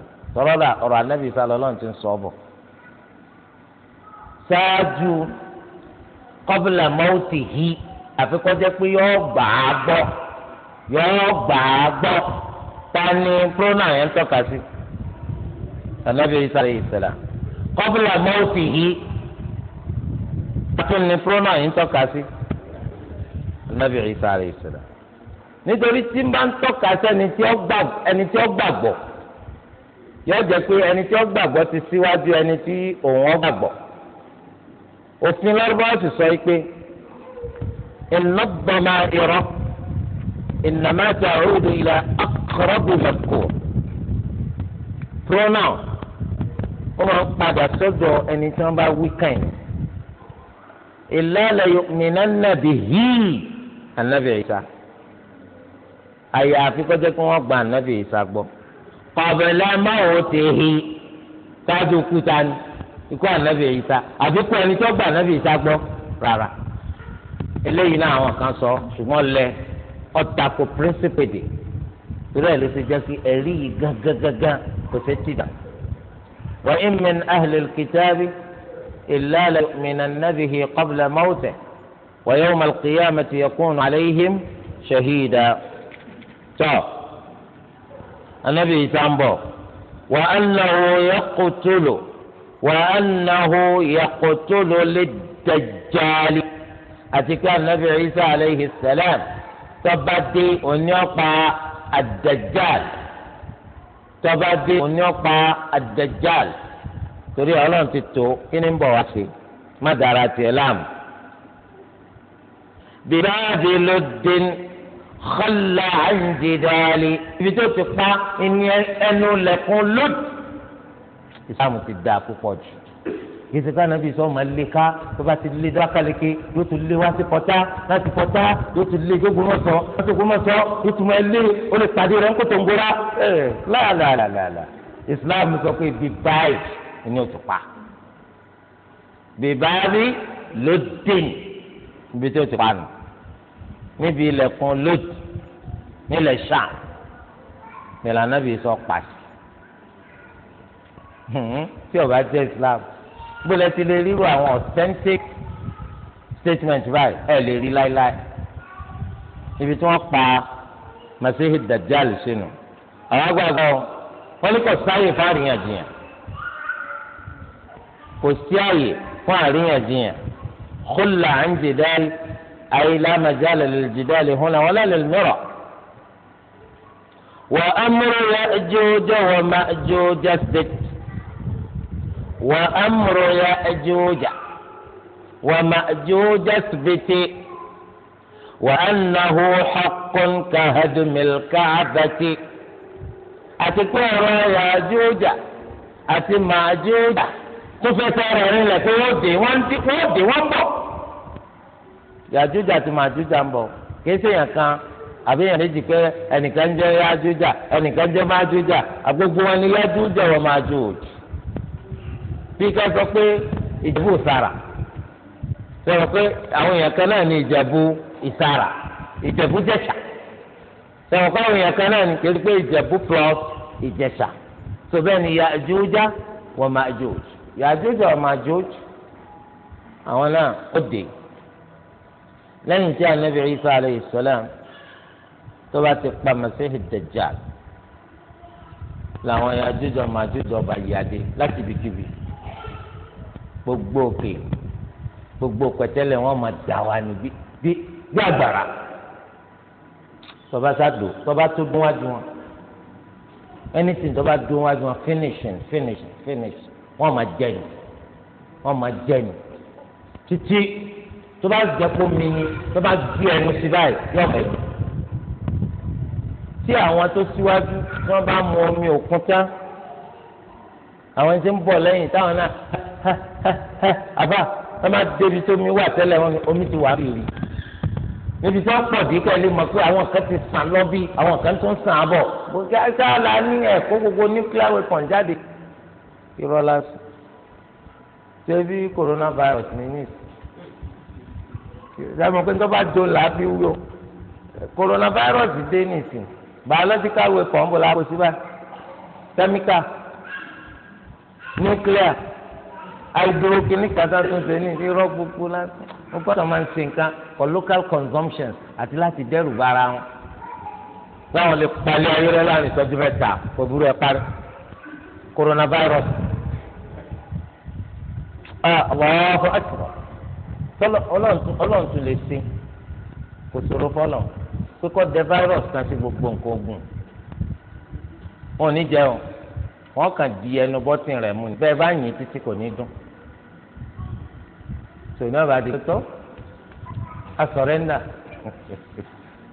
gbọ. àfikọ́jẹ́ pé yọ gbà á gbọ́ yọ gbà á gbọ́ ta ni pronoun yẹn tọ́ka sí anabi isa alayhi salam qabla mawtihi tún ni pronoun yẹn tọ́ka sí anabi isa alayhi salam nítorí tí n bá ń tọ́ka sí ẹni tí ó gbàgbọ́ yóò jẹ́ pé ẹni tí ó gbàgbọ́ ti síwájú ẹni tí òun ó gbàgbọ́ òfin lọ́rùbá ti sọ pé. إن الضمائر إنما تعود إلى أقرب مذكور pronoun ó máa ń padà sọ́dọ̀ ẹni tí wọ́n bá wí kàn ìlàlẹ̀ mìíràn nàbì yìí ànábì ìsà àyàfi kọjá kí wọ́n gba ànábì ìsà gbọ́ kọ̀bẹ̀lẹ̀ máwò ti hi tájú kúta ni ikú ànábì ìsà àbíkú ẹni tó gba ànábì ìsà gbọ́ rárá. eléyìí náà àwọn kan sọ ṣùgbọ́n lẹ ọ̀tà kò pírísípèdè torí ẹ̀ ló ṣe jẹ́ sí ẹ̀rí yìí gángangangá kò ṣe tìdà. wa in min ahli al-kitabi illa la yu'minanna bihi qabla mawtihi wa yawma al-qiyamati yakunu alayhim shahida. tọ́ anábì ń bọ̀ wa annahu yaqtulu wa annahu yaqtulu lid-dajjali. àti pé anabi isa aleyhi salam tọba dé òní ọ̀pá adajal tọba dé òní ọ̀pá adajal torí ọlọ́run ti tó kí ni ń bọ̀ wá sí má dára tiẹ̀ láàmú. bíbáàdì ló dín xọlá àǹdídàálì ibi tó ti pa ẹni ẹnu lẹ̀kùn lódì. ìsàmù ti yìí sèkà nàbì sọ ma lè ká tó bá ti lé dákàlẹ́kẹ́ yóò tún lé wá sí pọ́tá láti pọ́tá yóò tún lé gbógbómọ̀sọ láti gbógbómọ̀sọ yóò tún ma lé o lè pàdé rẹ̀ ńkótó ńgóra ẹ̀ láàlàlàlà Islam sọ pé bí báyìí ni o tún pa bí báyìí ló dín níbi tí o tún pa nù níbi ilẹ̀kùn lódì nílẹ̀ sàn nílànà bí sọ pàṣẹ hmm, tí ó bá jẹ́ Islam gbọ́dọ̀ ti lè ríru àwọn authentic statement báyìí ẹ̀ lè rí láéláé ibi tí wọ́n pa Masihi Dajjal sínú àwọn agbàgbọ́ wọn ní kò sáyè fún àríyànjiyàn kò sí àyè fún àríyànjiyàn khulla an jidal ay la majala lil jidal huna wala lil mira wa amru ya'juj wa ma'juj sitt wa amru ya ajuja wa ma'juja sibiti wa annahu haqqun ka hadmil ka'bati àti pé ọ̀rọ̀ ya ajuja àti ma'juja tó fẹ́ sọ̀rọ̀ rẹ̀ lẹ̀ pé wọ́n dé wọ́n dé wọ́n dé wọ́n ya ajuja àti ma'juja ń bọ̀ kìí ṣèyàn kan àbí yàn méjì pé ẹnìkan jẹ́ ya ajuja ẹnìkan jẹ́ ma'juja àgbogbo wọn ni ya ajuja wa ma'juja bí ká sọ pé ìjẹ̀bú ìsàrà sọ̀rọ̀ pé àwọn èèyàn kan náà ní ìjẹ̀bú ìsàrà ìjẹ̀bú jẹ̀ṣà sọ̀rọ̀ pé àwọn èèyàn kan náà ní kéde pé ìjẹ̀bú plus ìjẹ̀ṣà tó bẹ́ẹ̀ ni Yájújà wa Májújà Yájújà wa Májújà àwọn náà ó dé lẹ́yìn tí anabi Isa alayhi salam tó bá ti pa Masihi Dajjal làwọn Yájújà wa Májújà bá yíyá dé láti ibikíbi gbogbo òkè gbogbo pẹ̀tẹ́lẹ̀ wọn máa dà wá ní bí bí bí àgbàrá tọba sádò tọba tó dún wájú wọn anything tọba dún wájú wọn finishing finishing finishing. wọn máa jẹyìn wọn máa jẹyìn títí tọba jẹpọ mi ni tọba gbé ẹnu sí báyìí yọ bẹ yìí tí àwọn tó síwájú tí wọn bá mu omi òkun tán àwọn tí ń bọ̀ lẹ́yìn táwọn náà àbá ẹ máa débi tó mi wà tẹ́lẹ̀ wọn omi ti wà á bìrì níbi tí wọ́n pọ̀ dé kẹ́lẹ́ mọ̀ pé àwọn kan ti sàn lọ bí àwọn kan tó ń sàn àbọ̀ gbogbo àṣàlà ní ẹ̀kọ́ gbogbo nuclear weapon jáde irọ́ lásán ṣé bí coronavirus ní ní ìsìn pé tó bá do làáfi wúlò coronavirus dé ní ìsìn biological weapon ń bọ̀ lápò síbá chemical nuclear àìdúró kìíní kàtà tó ṣe ní irọ́ gbogbo láti wọ́n gbọ́dọ̀ máa ń ṣe nǹkan for local consumption àti láti dẹ́rù bara wọn. láwọn lè palẹ̀ ayọ́rẹ́ láàrin ìtọ́jú mẹ́ta kò burú ẹ̀ parí coronavirus. Ah, Allahu akbar ọlọ́run tún lè ṣe kò sọ̀rọ̀ fọlọ̀ pé kọ́ dẹ virus kan sí gbogbo nǹkan ogun wọn ò ní jẹun wọn kàn di ẹnu bọ́tìn rẹ̀ mú ni bẹ́ẹ̀ bá yìn títí kò ní dún so iná bá di tó a sọrẹ́ndà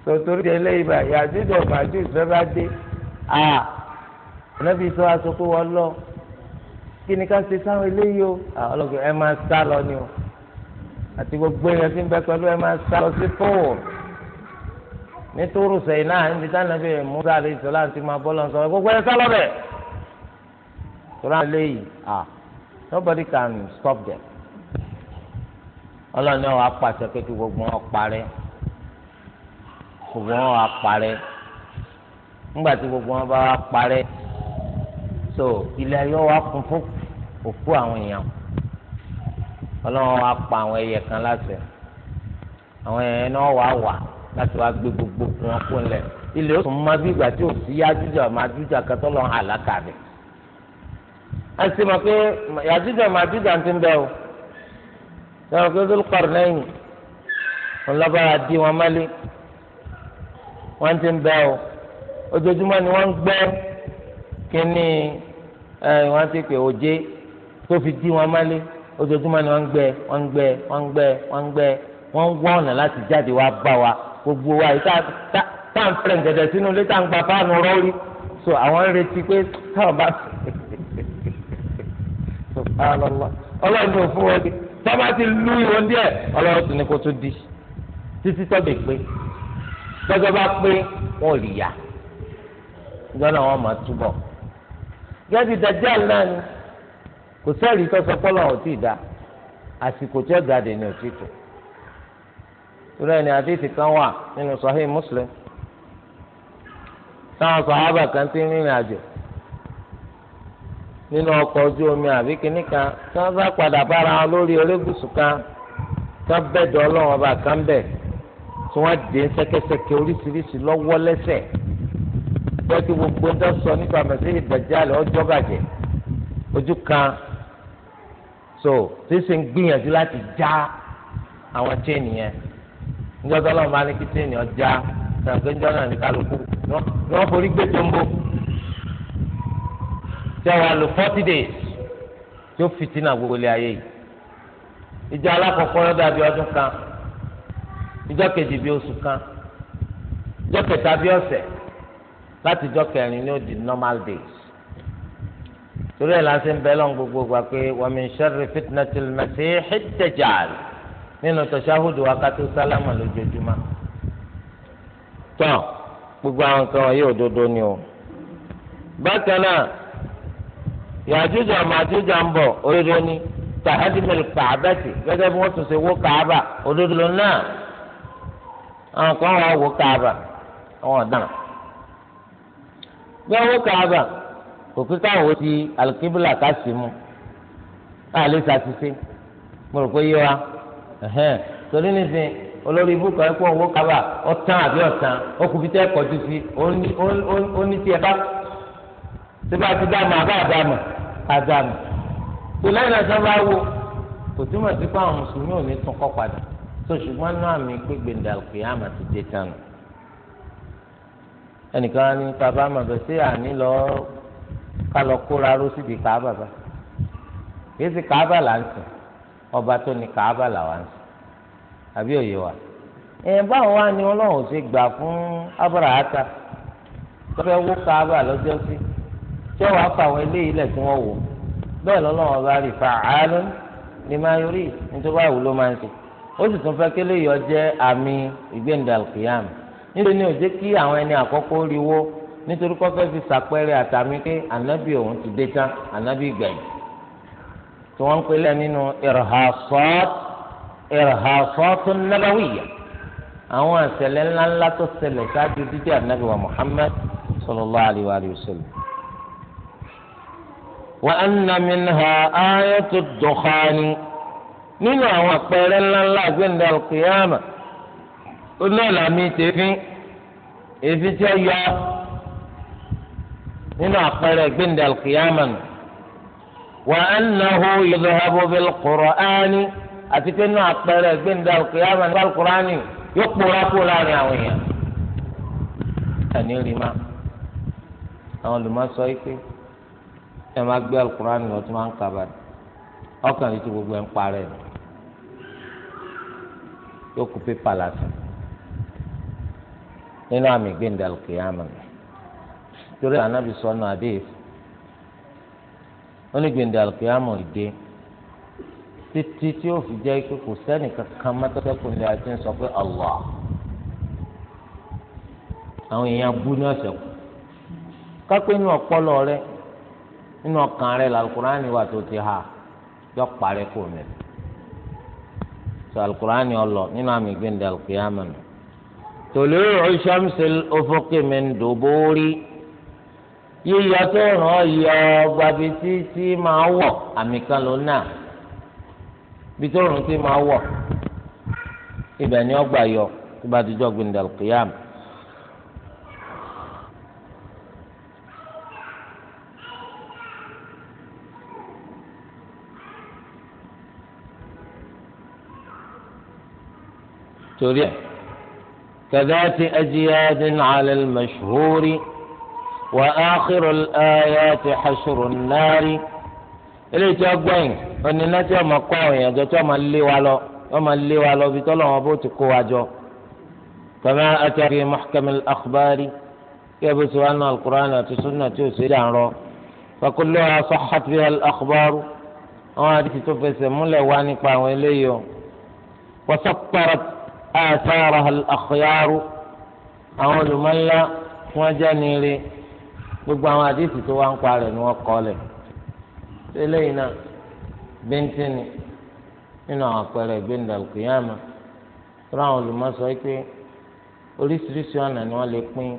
so torí ẹ lẹ́yìn bá yàtí ìjọba màjú ìfẹ́ bá dé a ọ̀nàbí sọ aṣọ pé wọ́n lọ kí ni ká ṣe sáwọn eléyìí o ọlọ́gbìn ẹ máa sá lọ ni o àti gbogbo èèyàn tí ń bẹ pẹ̀lú ẹ máa sá lọ sí tóòrù nítorí sẹ́yìn náà níbi táwọn ẹbí Musa àti ìṣọlá ti máa bọ́ lọ sọ gbogbo ẹ sá lọ bẹ̀ tó náà léyìí ah nobody can stop them ọlọ́ni ọ̀ apàṣẹ pé kí gbogbo wọn parẹ́ gbogbo wọn wà parẹ́ nígbà tí gbogbo wọn bá wà parẹ́ so ilé ayé wa kún fún òkú àwọn èèyàn ọlọ́run wa pa àwọn ẹyẹ kan láṣẹ àwọn ẹyẹ náà wà wà láti wá gbé gbogbo wọn kú ńlẹ̀ ilé oṣù mọ́ bí ìgbà tí òsì yájújà màjújà kẹtọ́ lọ́n àlákà rẹ̀ àti mọ̀ pé yájújà màjújà ti ń bẹ́ o lọ́wọ́ pé Dhul-Qarnayn wọn lọ́bàrà di wọn mọ́lé wọ́n ti ń bẹ́ o ojoojúmọ́ ni wọ́n ń gbẹ́ kínní wọ́n ti pè òjé tó fi di wọn mọ́lé ojoojúmọ́ ni wọ́n ń gbẹ́ wọ́n ń gbẹ́ wọ́n ń gbẹ́ wọ́n ń gbẹ́ wọ́n ń wọ́n ọ̀nà láti jáde wá bá wa gbogbo wa yìí tá n pẹ̀lẹ́ gẹ̀dẹ̀ sínú ilé tá n gba fáànù rọ́ọ̀lì so àwọn ń retí pé táwọn bá sọ̀rọ̀ ọlọ́run ò fún wọn tọ́ba ti lu ìwọ díẹ̀ ọlọ́run tún ní kó tún di títí tọ́bẹ̀ pé tọ́jọ́ bá pé wọn ò lè yá ìjọ náà wọn máa túbọ̀ gẹ́gẹ́ dajjal náà ni kò sẹ́ẹ̀lì tọ́sọ pọ́lọ́ ò tíì àsìkò tí ó jáde ní òtítù torí ẹni àdéhìí kan wà nínú Sahih Muslim táwọn sàhábà kan ti rìnrìn àjò. nínú ọkọ̀ ojú omi àbí kínní kan tí wọ́n bá padà bára wọn lórí orébùsùn kan tí wọ́n bẹ̀dọ̀ ọlọ́run ọba kan bẹ̀ tí wọ́n dé ṣẹ́kẹ́ṣẹkẹ̀ oríṣiríṣi lọ́wọ́ lẹ́sẹ̀ jẹ́ kí gbogbo ń dọ́sọ nípa mẹ́sìlì dàjálẹ̀ ọjọ́ bàjẹ́ kan so ṣíṣe ń gbìyànjú láti já àwọn chain yẹn níjọ́ tó kí chain yẹn já ṣàǹgbẹ́njọ́ náà ní kálukú ni wọ́n forí gbé tó ń bọ̀. tẹwàá lò forty days tó fìtínà gbogbo ilé ayé yìí ìjọ alákọ̀ọ́kọ́ yọ dàbí ọdún kan ìjọ kejì bí oṣù kan ìjọ kẹta bí ọ̀sẹ̀ láti ìjọ kẹrin ní òdì normal days torí ẹ̀ lásìkò bẹ́ẹ̀ lọ́n gbogbo gbà pé wa min sharri fitnatil masihid dajjal nínú tọ́síáhùdù wákàtí sálámà lójoojúmọ́ tán gbogbo àwọn kan wọ̀nyí òdodo ni o bákan náà. Yàjújà màjújà ń bọ̀ òdodo ni tàhádìmẹ̀lì kàbẹ́tì gẹ́gẹ́ bí wọ́n tún ṣe wó kàába òdodo náà àwọn kan wà wó kàába àwọn ọ̀daràn. bí wọ́n wó kàába kò kí káwọn ti alikibula ká sí mu àlè sàṣìṣe mo rò pé yé wa torí nìsín olórí ibú kan kó owó kaba ọ̀tán àbí ọ̀tán ọkùnrin tẹ́ kọjú sí oní tí ẹ bá tí bá ti dá àdánù tó lẹ́yìn náà sábà wo kò túmọ̀ sí pé àwọn mùsùlùmí ò ní tún kọ́ padà tó ṣùgbọ́n náà mi pé gbèǹdà òkè àmà ti dé ẹnìkan ní bàbá màbẹ sí àní lọ ká lọ kóra ró síbi bá sí kàábà là ń sìn ọba tó ní là wà ń sìn fún abúlé tó fẹ́ wó lọ́jọ́ tẹ́ wàá fà wọ́n eléyìí lẹ̀ tí wọ́n wò bẹ́ẹ̀ lọ́lọ́wọ́ bá rí fàálù ni máa yorí nítorí ma ló máa ń ṣe ó sì tún fẹ́ kí eléyìí ó àmì ìgbéǹdàlùkìyàmù nítorí ní ó jẹ́ kí àwọn ẹni àkọ́kọ́ rí nítorí kó fi àtàmì pé ànábì ti dé tán ànábì tí ń nínú àwọn ńláńlá tó ṣáájú ànábì wa wa anna minha ayatu dukhani nínú àwọn àpẹẹrẹ ńláńlá àgbẹ̀ndà alqiyama onáàlà mi tẹ̀fín èfi tí ó yọ nínú àpẹẹrẹ àgbẹ̀ndà alqiyama nù wa annahu yudhabu bil qur'ani àti pé nínú àpẹẹrẹ àgbẹ̀ndà alqiyama nù alqur'ani yóò kpóra kó láàrin àwọn èèyàn. àní rí ma àwọn olùmọ̀ sọ yìí pé ẹ máa gbé alukurani lọ tí máa ń kaba ọkàn yìí tí gbogbo ẹ ń parẹ́ yóò kú pépà lásán nínú àmì gbẹ̀ndà alukiyama torí anabi sọnù adéf ó ní gbẹ̀ndà alukiyama ìdè títí tí ó fi jẹ́ pé kò sẹ́ni kankan mọ́tọ́tẹ́kùn ní àti ń sọ pé Allah àwọn èèyàn bú ní ọ̀sẹ̀ kù kápẹ́ inú ọpọlọ rẹ̀ nínú ọkàn rẹ làlùkùránì wà tó ti ha yọ parẹ́ kò mẹ sọ àlùkùránì ọlọ nínú àmì gbẹndẹ àlùkìyàmẹ nù tòlú ìṣàmùsẹ ọfọkẹ mi ń dòbórí yíyọ tó ràn ọ yọ gbàbí tí tí máa wọ àmì kan ló náà bí tó rùn tí máa wọ ibẹ̀ ni ọgbà yọ tó bá ti jọ gbẹndẹ àlùkìyàmẹ. توريح كذات أجياد على المشهور وآخر الآيات حشر النار إلي تأبوين أن الناس يوم قوي يجو يوم اللي والو يوم اللي والو كما أتى في محكم الأخبار يبس أن القرآن تسنة تسيرا فكلها صحت بها الأخبار وهذه تفسر ملواني قوي ليو وسطرت آثارها الأخيار أول من لا وجنيري gbogbo àwọn àdìsí tó wá ń pa rẹ̀ ni wọ́n kọ́ lẹ̀ eléyìí náà bíntín nínú àwọn àpẹẹrẹ ìgbéǹdàlùkìyàmà tó ráwọn olùmọ̀sọ pé oríṣiríṣi ọ̀nà ni lè pín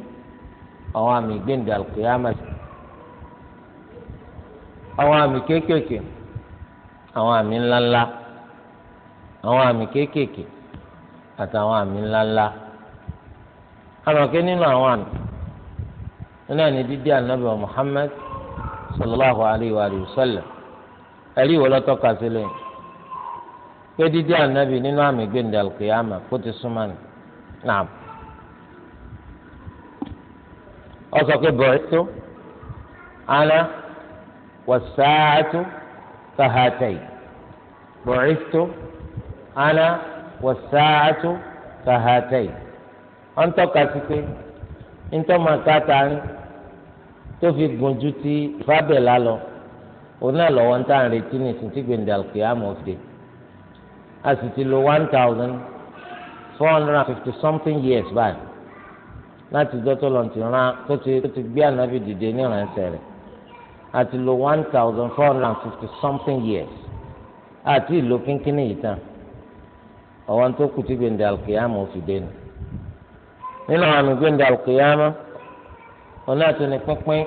àwọn àmì ìgbéǹdàlùkìyàmà sí àwọn àmì kéékèèké àwọn àmì ńláńlá àwọn àmì kéékèèké. àtàwọn àmì ńláńlá amọ̀kẹ́ nínú àwọn àmì nínú àní dídí ànábì Muhammad sallallahu alayhi wa sallam ẹ̀rí wo lọ́tọ́ sílẹ̀ pé dídí ninu nínú àmì gbẹ̀ndẹ̀ alqiyama kó ti súnmọ́ ni ó sọ pé ana wasaatu ana. wọ̀sáàtú kàhátẹ́yì wọ́n tọ́ka sí pé ntọ́mọ̀ká ni tó fi gùn ju ti fábẹ́lá lọ òun náà lọ́wọ́ ń ń retí nìsín tí gbèǹdàlùkì àmọ́fẹ́ a sì ti lo one thousand four hundred and fifty something years báyìí láti jọ́ tó lọ ti rán tó ti tó ti gbé ànábì dìde ní ìránṣẹ́ rẹ̀ àti lo one thousand four hundred and fifty something years àti ìlò kínkínní yìí tán. ọwọ́n tó kù tí gbèǹde alùkìyàmù ò fi dé ni nínú àmì gbèǹde alùkìyàmù ọ̀nà náà ní pínpín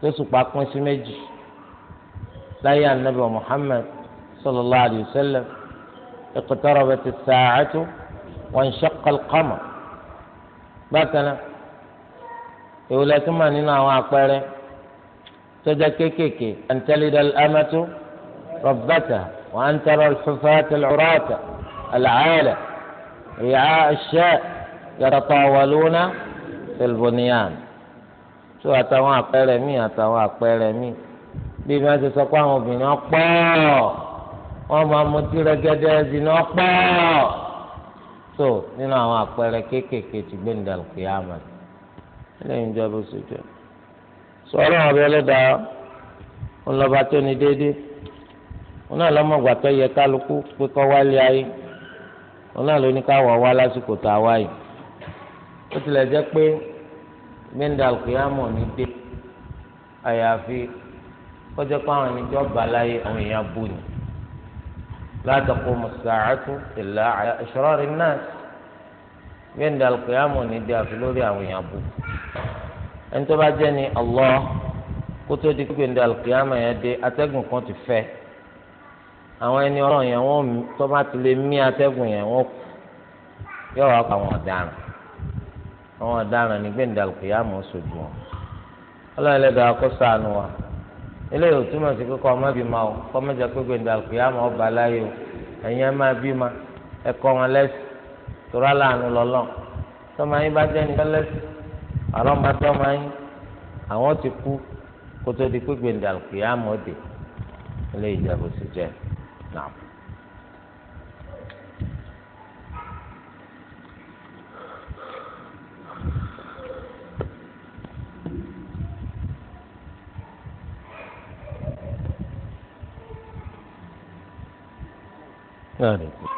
tó sùpà pín sí méjì láyé anabiwa muhammed sallallahu alayhi wa sallam iqtarabat as ti wa wọn al-qamar bákan náà ìwòlẹ̀ tó máa nínú àwọn àpẹẹrẹ tọ́jà kéékèèké an talida al-amatu rabbataha wa an tara al-hufata al-urata. العالة رعاء الشاء يتطاولون في البنيان tó àtàwọn àpẹẹrẹ míì àtàwọn àpẹẹrẹ míì bí wọn ti sọ pé àwọn obìnrin ọ̀pọ̀ wọn máa mutí rẹgẹdẹ ìdìní ọ̀pọ̀ tó nínú àwọn àpẹẹrẹ kéékèèké ti gbé nídàlùkì àmà lẹ́yìn ìjọba ìṣèjọ sọ̀rọ̀ àwọn ọbẹ Ẹlẹ́dàá ńlọba tó ní déédéé wọn náà lọmọgbà tó yẹ kálukú pé kọ wálé ayé wọn náà ló ní ká wà wá lásìkò tá a wá yìí ó tilẹ̀ jẹ́ pé gbẹ̀ndà kìámọ̀ ní dé àyàfi kọjá pé àwọn ẹni tí wọ́n bá láyé àwọn èèyàn bù ní látàkó mùsàátù ìlà ìṣòrọ́rì náà gbẹ̀ndà kìámọ̀ ní dé àfi lórí àwọn èèyàn bù ẹni tó bá jẹ́ ni Allah kótó di gbẹ̀ndà kìámọ̀ yẹn dé atẹ́gùn kan ti fẹ́ àwọn ẹni ọlọ́run yẹn wọ́n tó bá ti lè mí atẹ́gùn yẹn wọ́n yọ̀ wá pa àwọn ọ̀daràn àwọn ọ̀daràn ní gbẹ̀ndàlùkù yá mọ̀ sojú wọn ọlọ́run ẹlẹ́dàá kó ṣàánú wa eléyìí ò túmọ̀ sí kíkọ́ ọmọ bímọ o kọ́ mẹ́jọ pé ọba láyé o ẹ̀yin máa kọ́ wọn lẹ́sìn láàánú lọ́lọ́ tọ́mọ jẹ́ نعم عليكم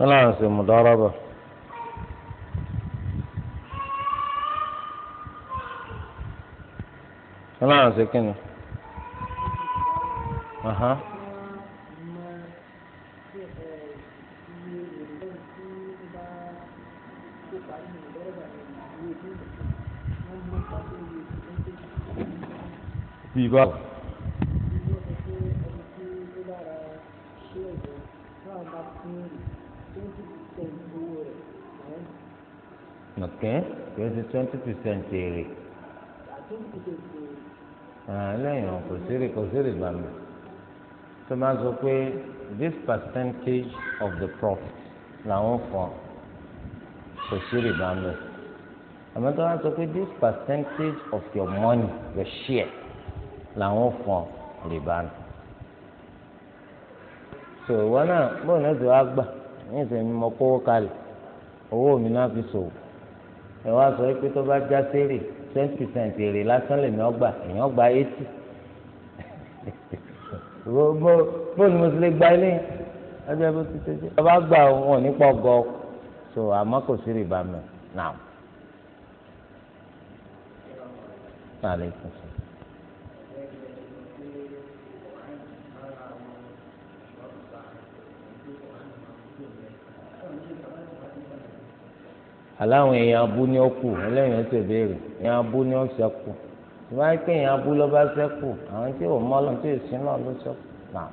ولا نسي المضاربة ولا نسي كنا أها في بعض mọ̀kẹ́ yóò ṣe twenty percent èrè lẹ́yìn kò sí èrè kò sí èrè bàmí tó máa sọ pé this percentage of the profit làwọn fọ kò sí èrè bàmí àmọ́ tó máa sọ pé this percentage of your money your share làwọn fọ èrè bàmí so ìwọ náà bóun náà ti wá gbà ní ìsẹ̀yìn mọ́ kówó kalẹ̀ owó mi náà fi ṣòwò ẹ wá sọ pé tó bá já sérè twenty percent èrè lásán lèmi ọgbà èèyàn gba eighty gbogbo fóònù mo ti lè gba ilé ọjọ́ bó ti tẹ́jú. ọba gba wọn nípa ọgọ so àmọ́ kò sí rìbá mi náà. aláwọn èèyàn abú ni ó kù ẹlẹ́yìn ẹsẹ̀ béèrè èèyàn abú ni ó sẹ́kù tí wọ́n á pè èèyàn abú ló bá sẹ́kù àwọn tí ò mọ́ lọ́n tí ò sí náà ló sẹ́kù náà.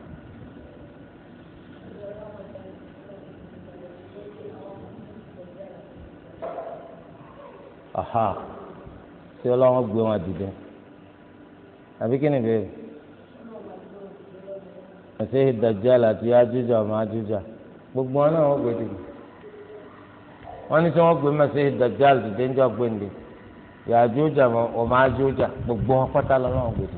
aha tí ọlọ́wọ́n gbé wọn dìde àbí kí ni bẹ́ẹ̀ ẹ̀sẹ̀ ìdàjà àti ajújà ọmọ ajújà gbogbo wọn náà wọ́n gbé dìde wọ́n ní tí wọ́n gbé mẹ́sẹ̀ dajjal dìde ń jọ gbẹ̀ǹde yàjújà ọmọ àjújà gbogbo wọn pátá lọ́wọ́ gbèsè.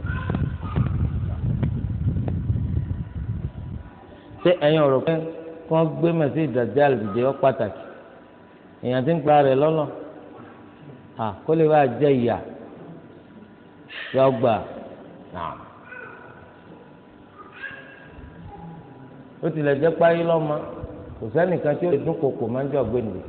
ṣé ẹ̀yin ọ̀rọ̀ pé kí wọ́n gbé mẹ́sẹ̀ dajjal dìde ó pàtàkì èèyàn ti ń gba rẹ̀ lọ́nà kó lè bá jẹ ìyà yọ gbà náà. ó tilẹ̀ jẹ́ páyé lọ́mọ kò sẹ́nìkan tí ó lè dún kòkò máa ń jọ gbẹ̀ǹde.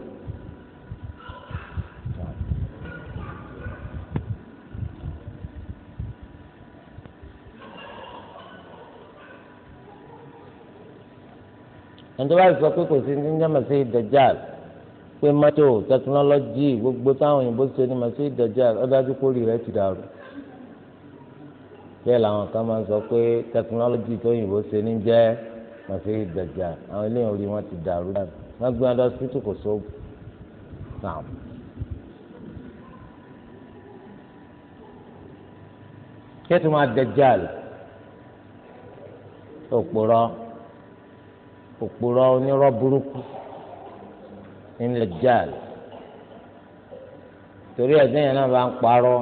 ẹnitọ́ bá sọ pé kò sí ní jẹ́ Masih Dajjal pé mọ́tò tẹkinọ́lọ́jì gbogbo táwọn òyìnbó ṣe ní Masih dajal ó dájú kórì rẹ̀ ti dàrú bẹ́ẹ̀ làwọn kan máa sọ pé tẹkinọ́lọ́jì tó òyìnbó ṣe ní jẹ́ Masih Dajjal àwọn ilé orí wọn ti dàrú dànù wọ́n gbé wọn lọ sí tó kò sóògùn náà. kí ẹ tún máa Dajjal òpòrọ òpòrọ onírọ́ burúkú nílẹ̀ jáàlì torí ẹ̀ sẹ́yìn náà bá ń parọ́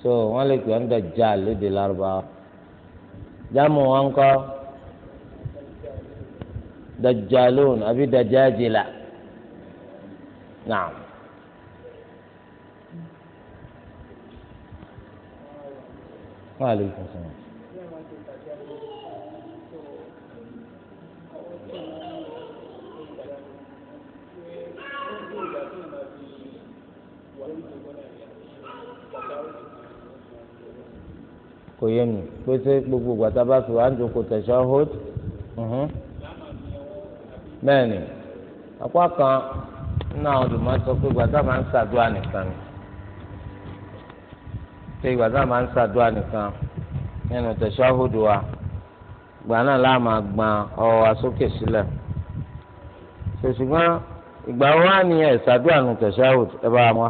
so wọ́n lè pè ọ́ ń dọ̀ jáàlì lóde lárúbáwá jáàmù wọn kọ́ dajjalun àbí dajajila naam. Wa alaikum kò yé mi pé ṣé gbogbo gbàtà bá fi wà ń jókòó tẹ̀sán hold mhm. bẹ́ẹ̀ ni apá kan nínú àwọn olùmọ̀ sọ pé gbàtà máa ń ṣàdúrà nìkan ni pé gbàtà máa ń ṣàdúrà nìkan nínú tẹ̀sán hold wa gbà náà láà máa gbọn ọwọ́ wa sókè sílẹ̀ ṣùgbọ́n ìgbà wa ni ẹ̀ ṣàdúrà nù tẹ̀sán hold ẹ bá wa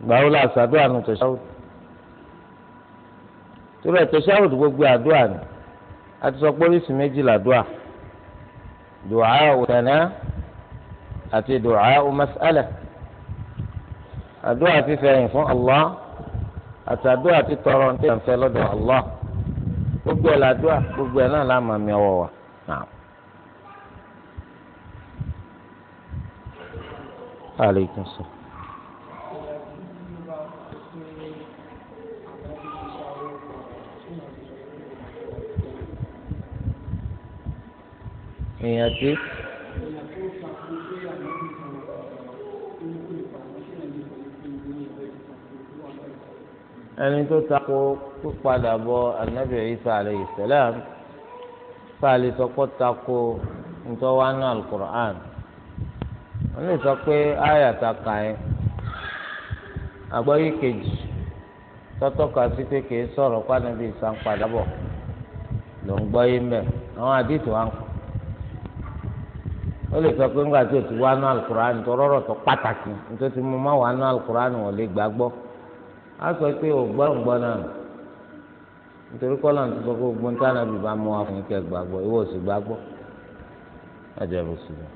ìgbà la ṣàdúrà nù tẹ̀sán hold torí ẹ̀ tẹ̀síwájú gbogbo àdúrà ni a ti sọ pé oríṣi méjì làdúrà dùhà òtẹ̀nà àti dùhà òmásálẹ̀ àdúrà fífẹ̀yìn fún Allah àti àdúrà títọrọ ní ìyànfẹ́ lọ́dọ̀ Allah gbogbo ẹ̀ làdúrà gbogbo ẹ̀ náà láàmà mi ọwọ́ wa. Aleykum salaam. èèyàn tí. ẹni tó tako pípadà bọ anabi isa aleyhi salam fàlẹ sọpọ tako ntọ́wánú alukur'an wọn lè sọ pé àyà ta kà ẹ́ àgbọ́yé kejì tọ́tọ́ka sí pé kìí sọ̀rọ̀ pàdánù bíi sanpadà bọ̀ ló gbọ́yé mbẹ́ àwọn àdìtò wa ń kọ́. ó lè sọ pé ńgbà tí o ti wá nú alukurani tọrọrọ tó pàtàkì nítorí tí mo má wà nú alukurani wọn lè gbàgbọ́ á sọ pé o gbọ́ ń gbọ́ náà nítorí kọ́lá ti sọ pé o gbọ́n tánà bí bá mú wa fún kẹ́ gbàgbọ́ ìwọ ò sì gbàgbọ́ ajẹ́ bó sì lọ.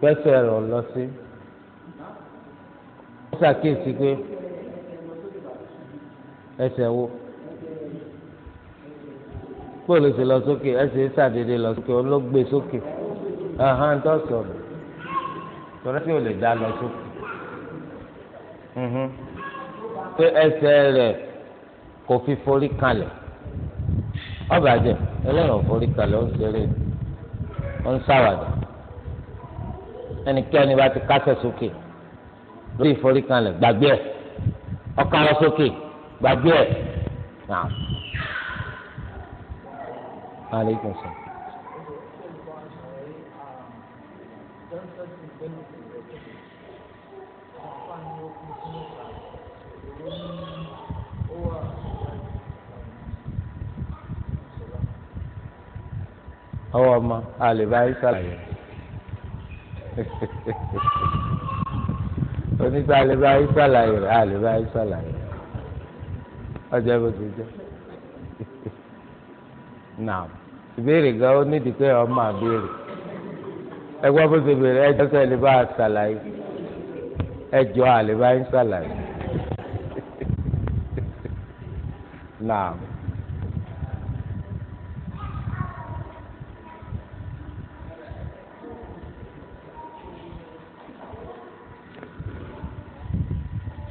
pẹ́sẹ̀ rẹ̀ lọ sí. ó ṣàkíyèsí pé ẹsẹ̀ wo kóòlù sí lọ sókè ẹsẹ̀ ṣàdédé lọ sókè olóògbé sókè ahán tó sọ̀rọ̀ tọ́lá tí ò lè dá lọ sókè mhm. pé ẹsẹ̀ rẹ̀ kò fi forí kalẹ̀ ọ̀bàjẹ́ ẹlẹ́yìn ò forí kalẹ̀ ó ń ṣeré ó ń ṣàwàdà ẹnikẹ́ni bá ti kásẹ̀ sókè lórí ìforíkanlẹ̀ gbàgbé ẹ̀ ọkàrọ̀ sókè gbàgbé ẹ̀ náà. Aleykum salaam. ọwọ́ ọmọ àlè báyìí sàlàyé. onígbà àlebá ìsàlàyé rẹ̀ àlebá ìsàlàyé rẹ̀ ọjọ́ bó ti jẹ́ náà ìbéèrè gan ó nídìí pé ọmọ àbéèrè ẹgbọ́n bó ṣe béèrè ẹjọ́ sọ àlebá ìsàlàyé ẹjọ́ àlebá ìsàlàyé náà.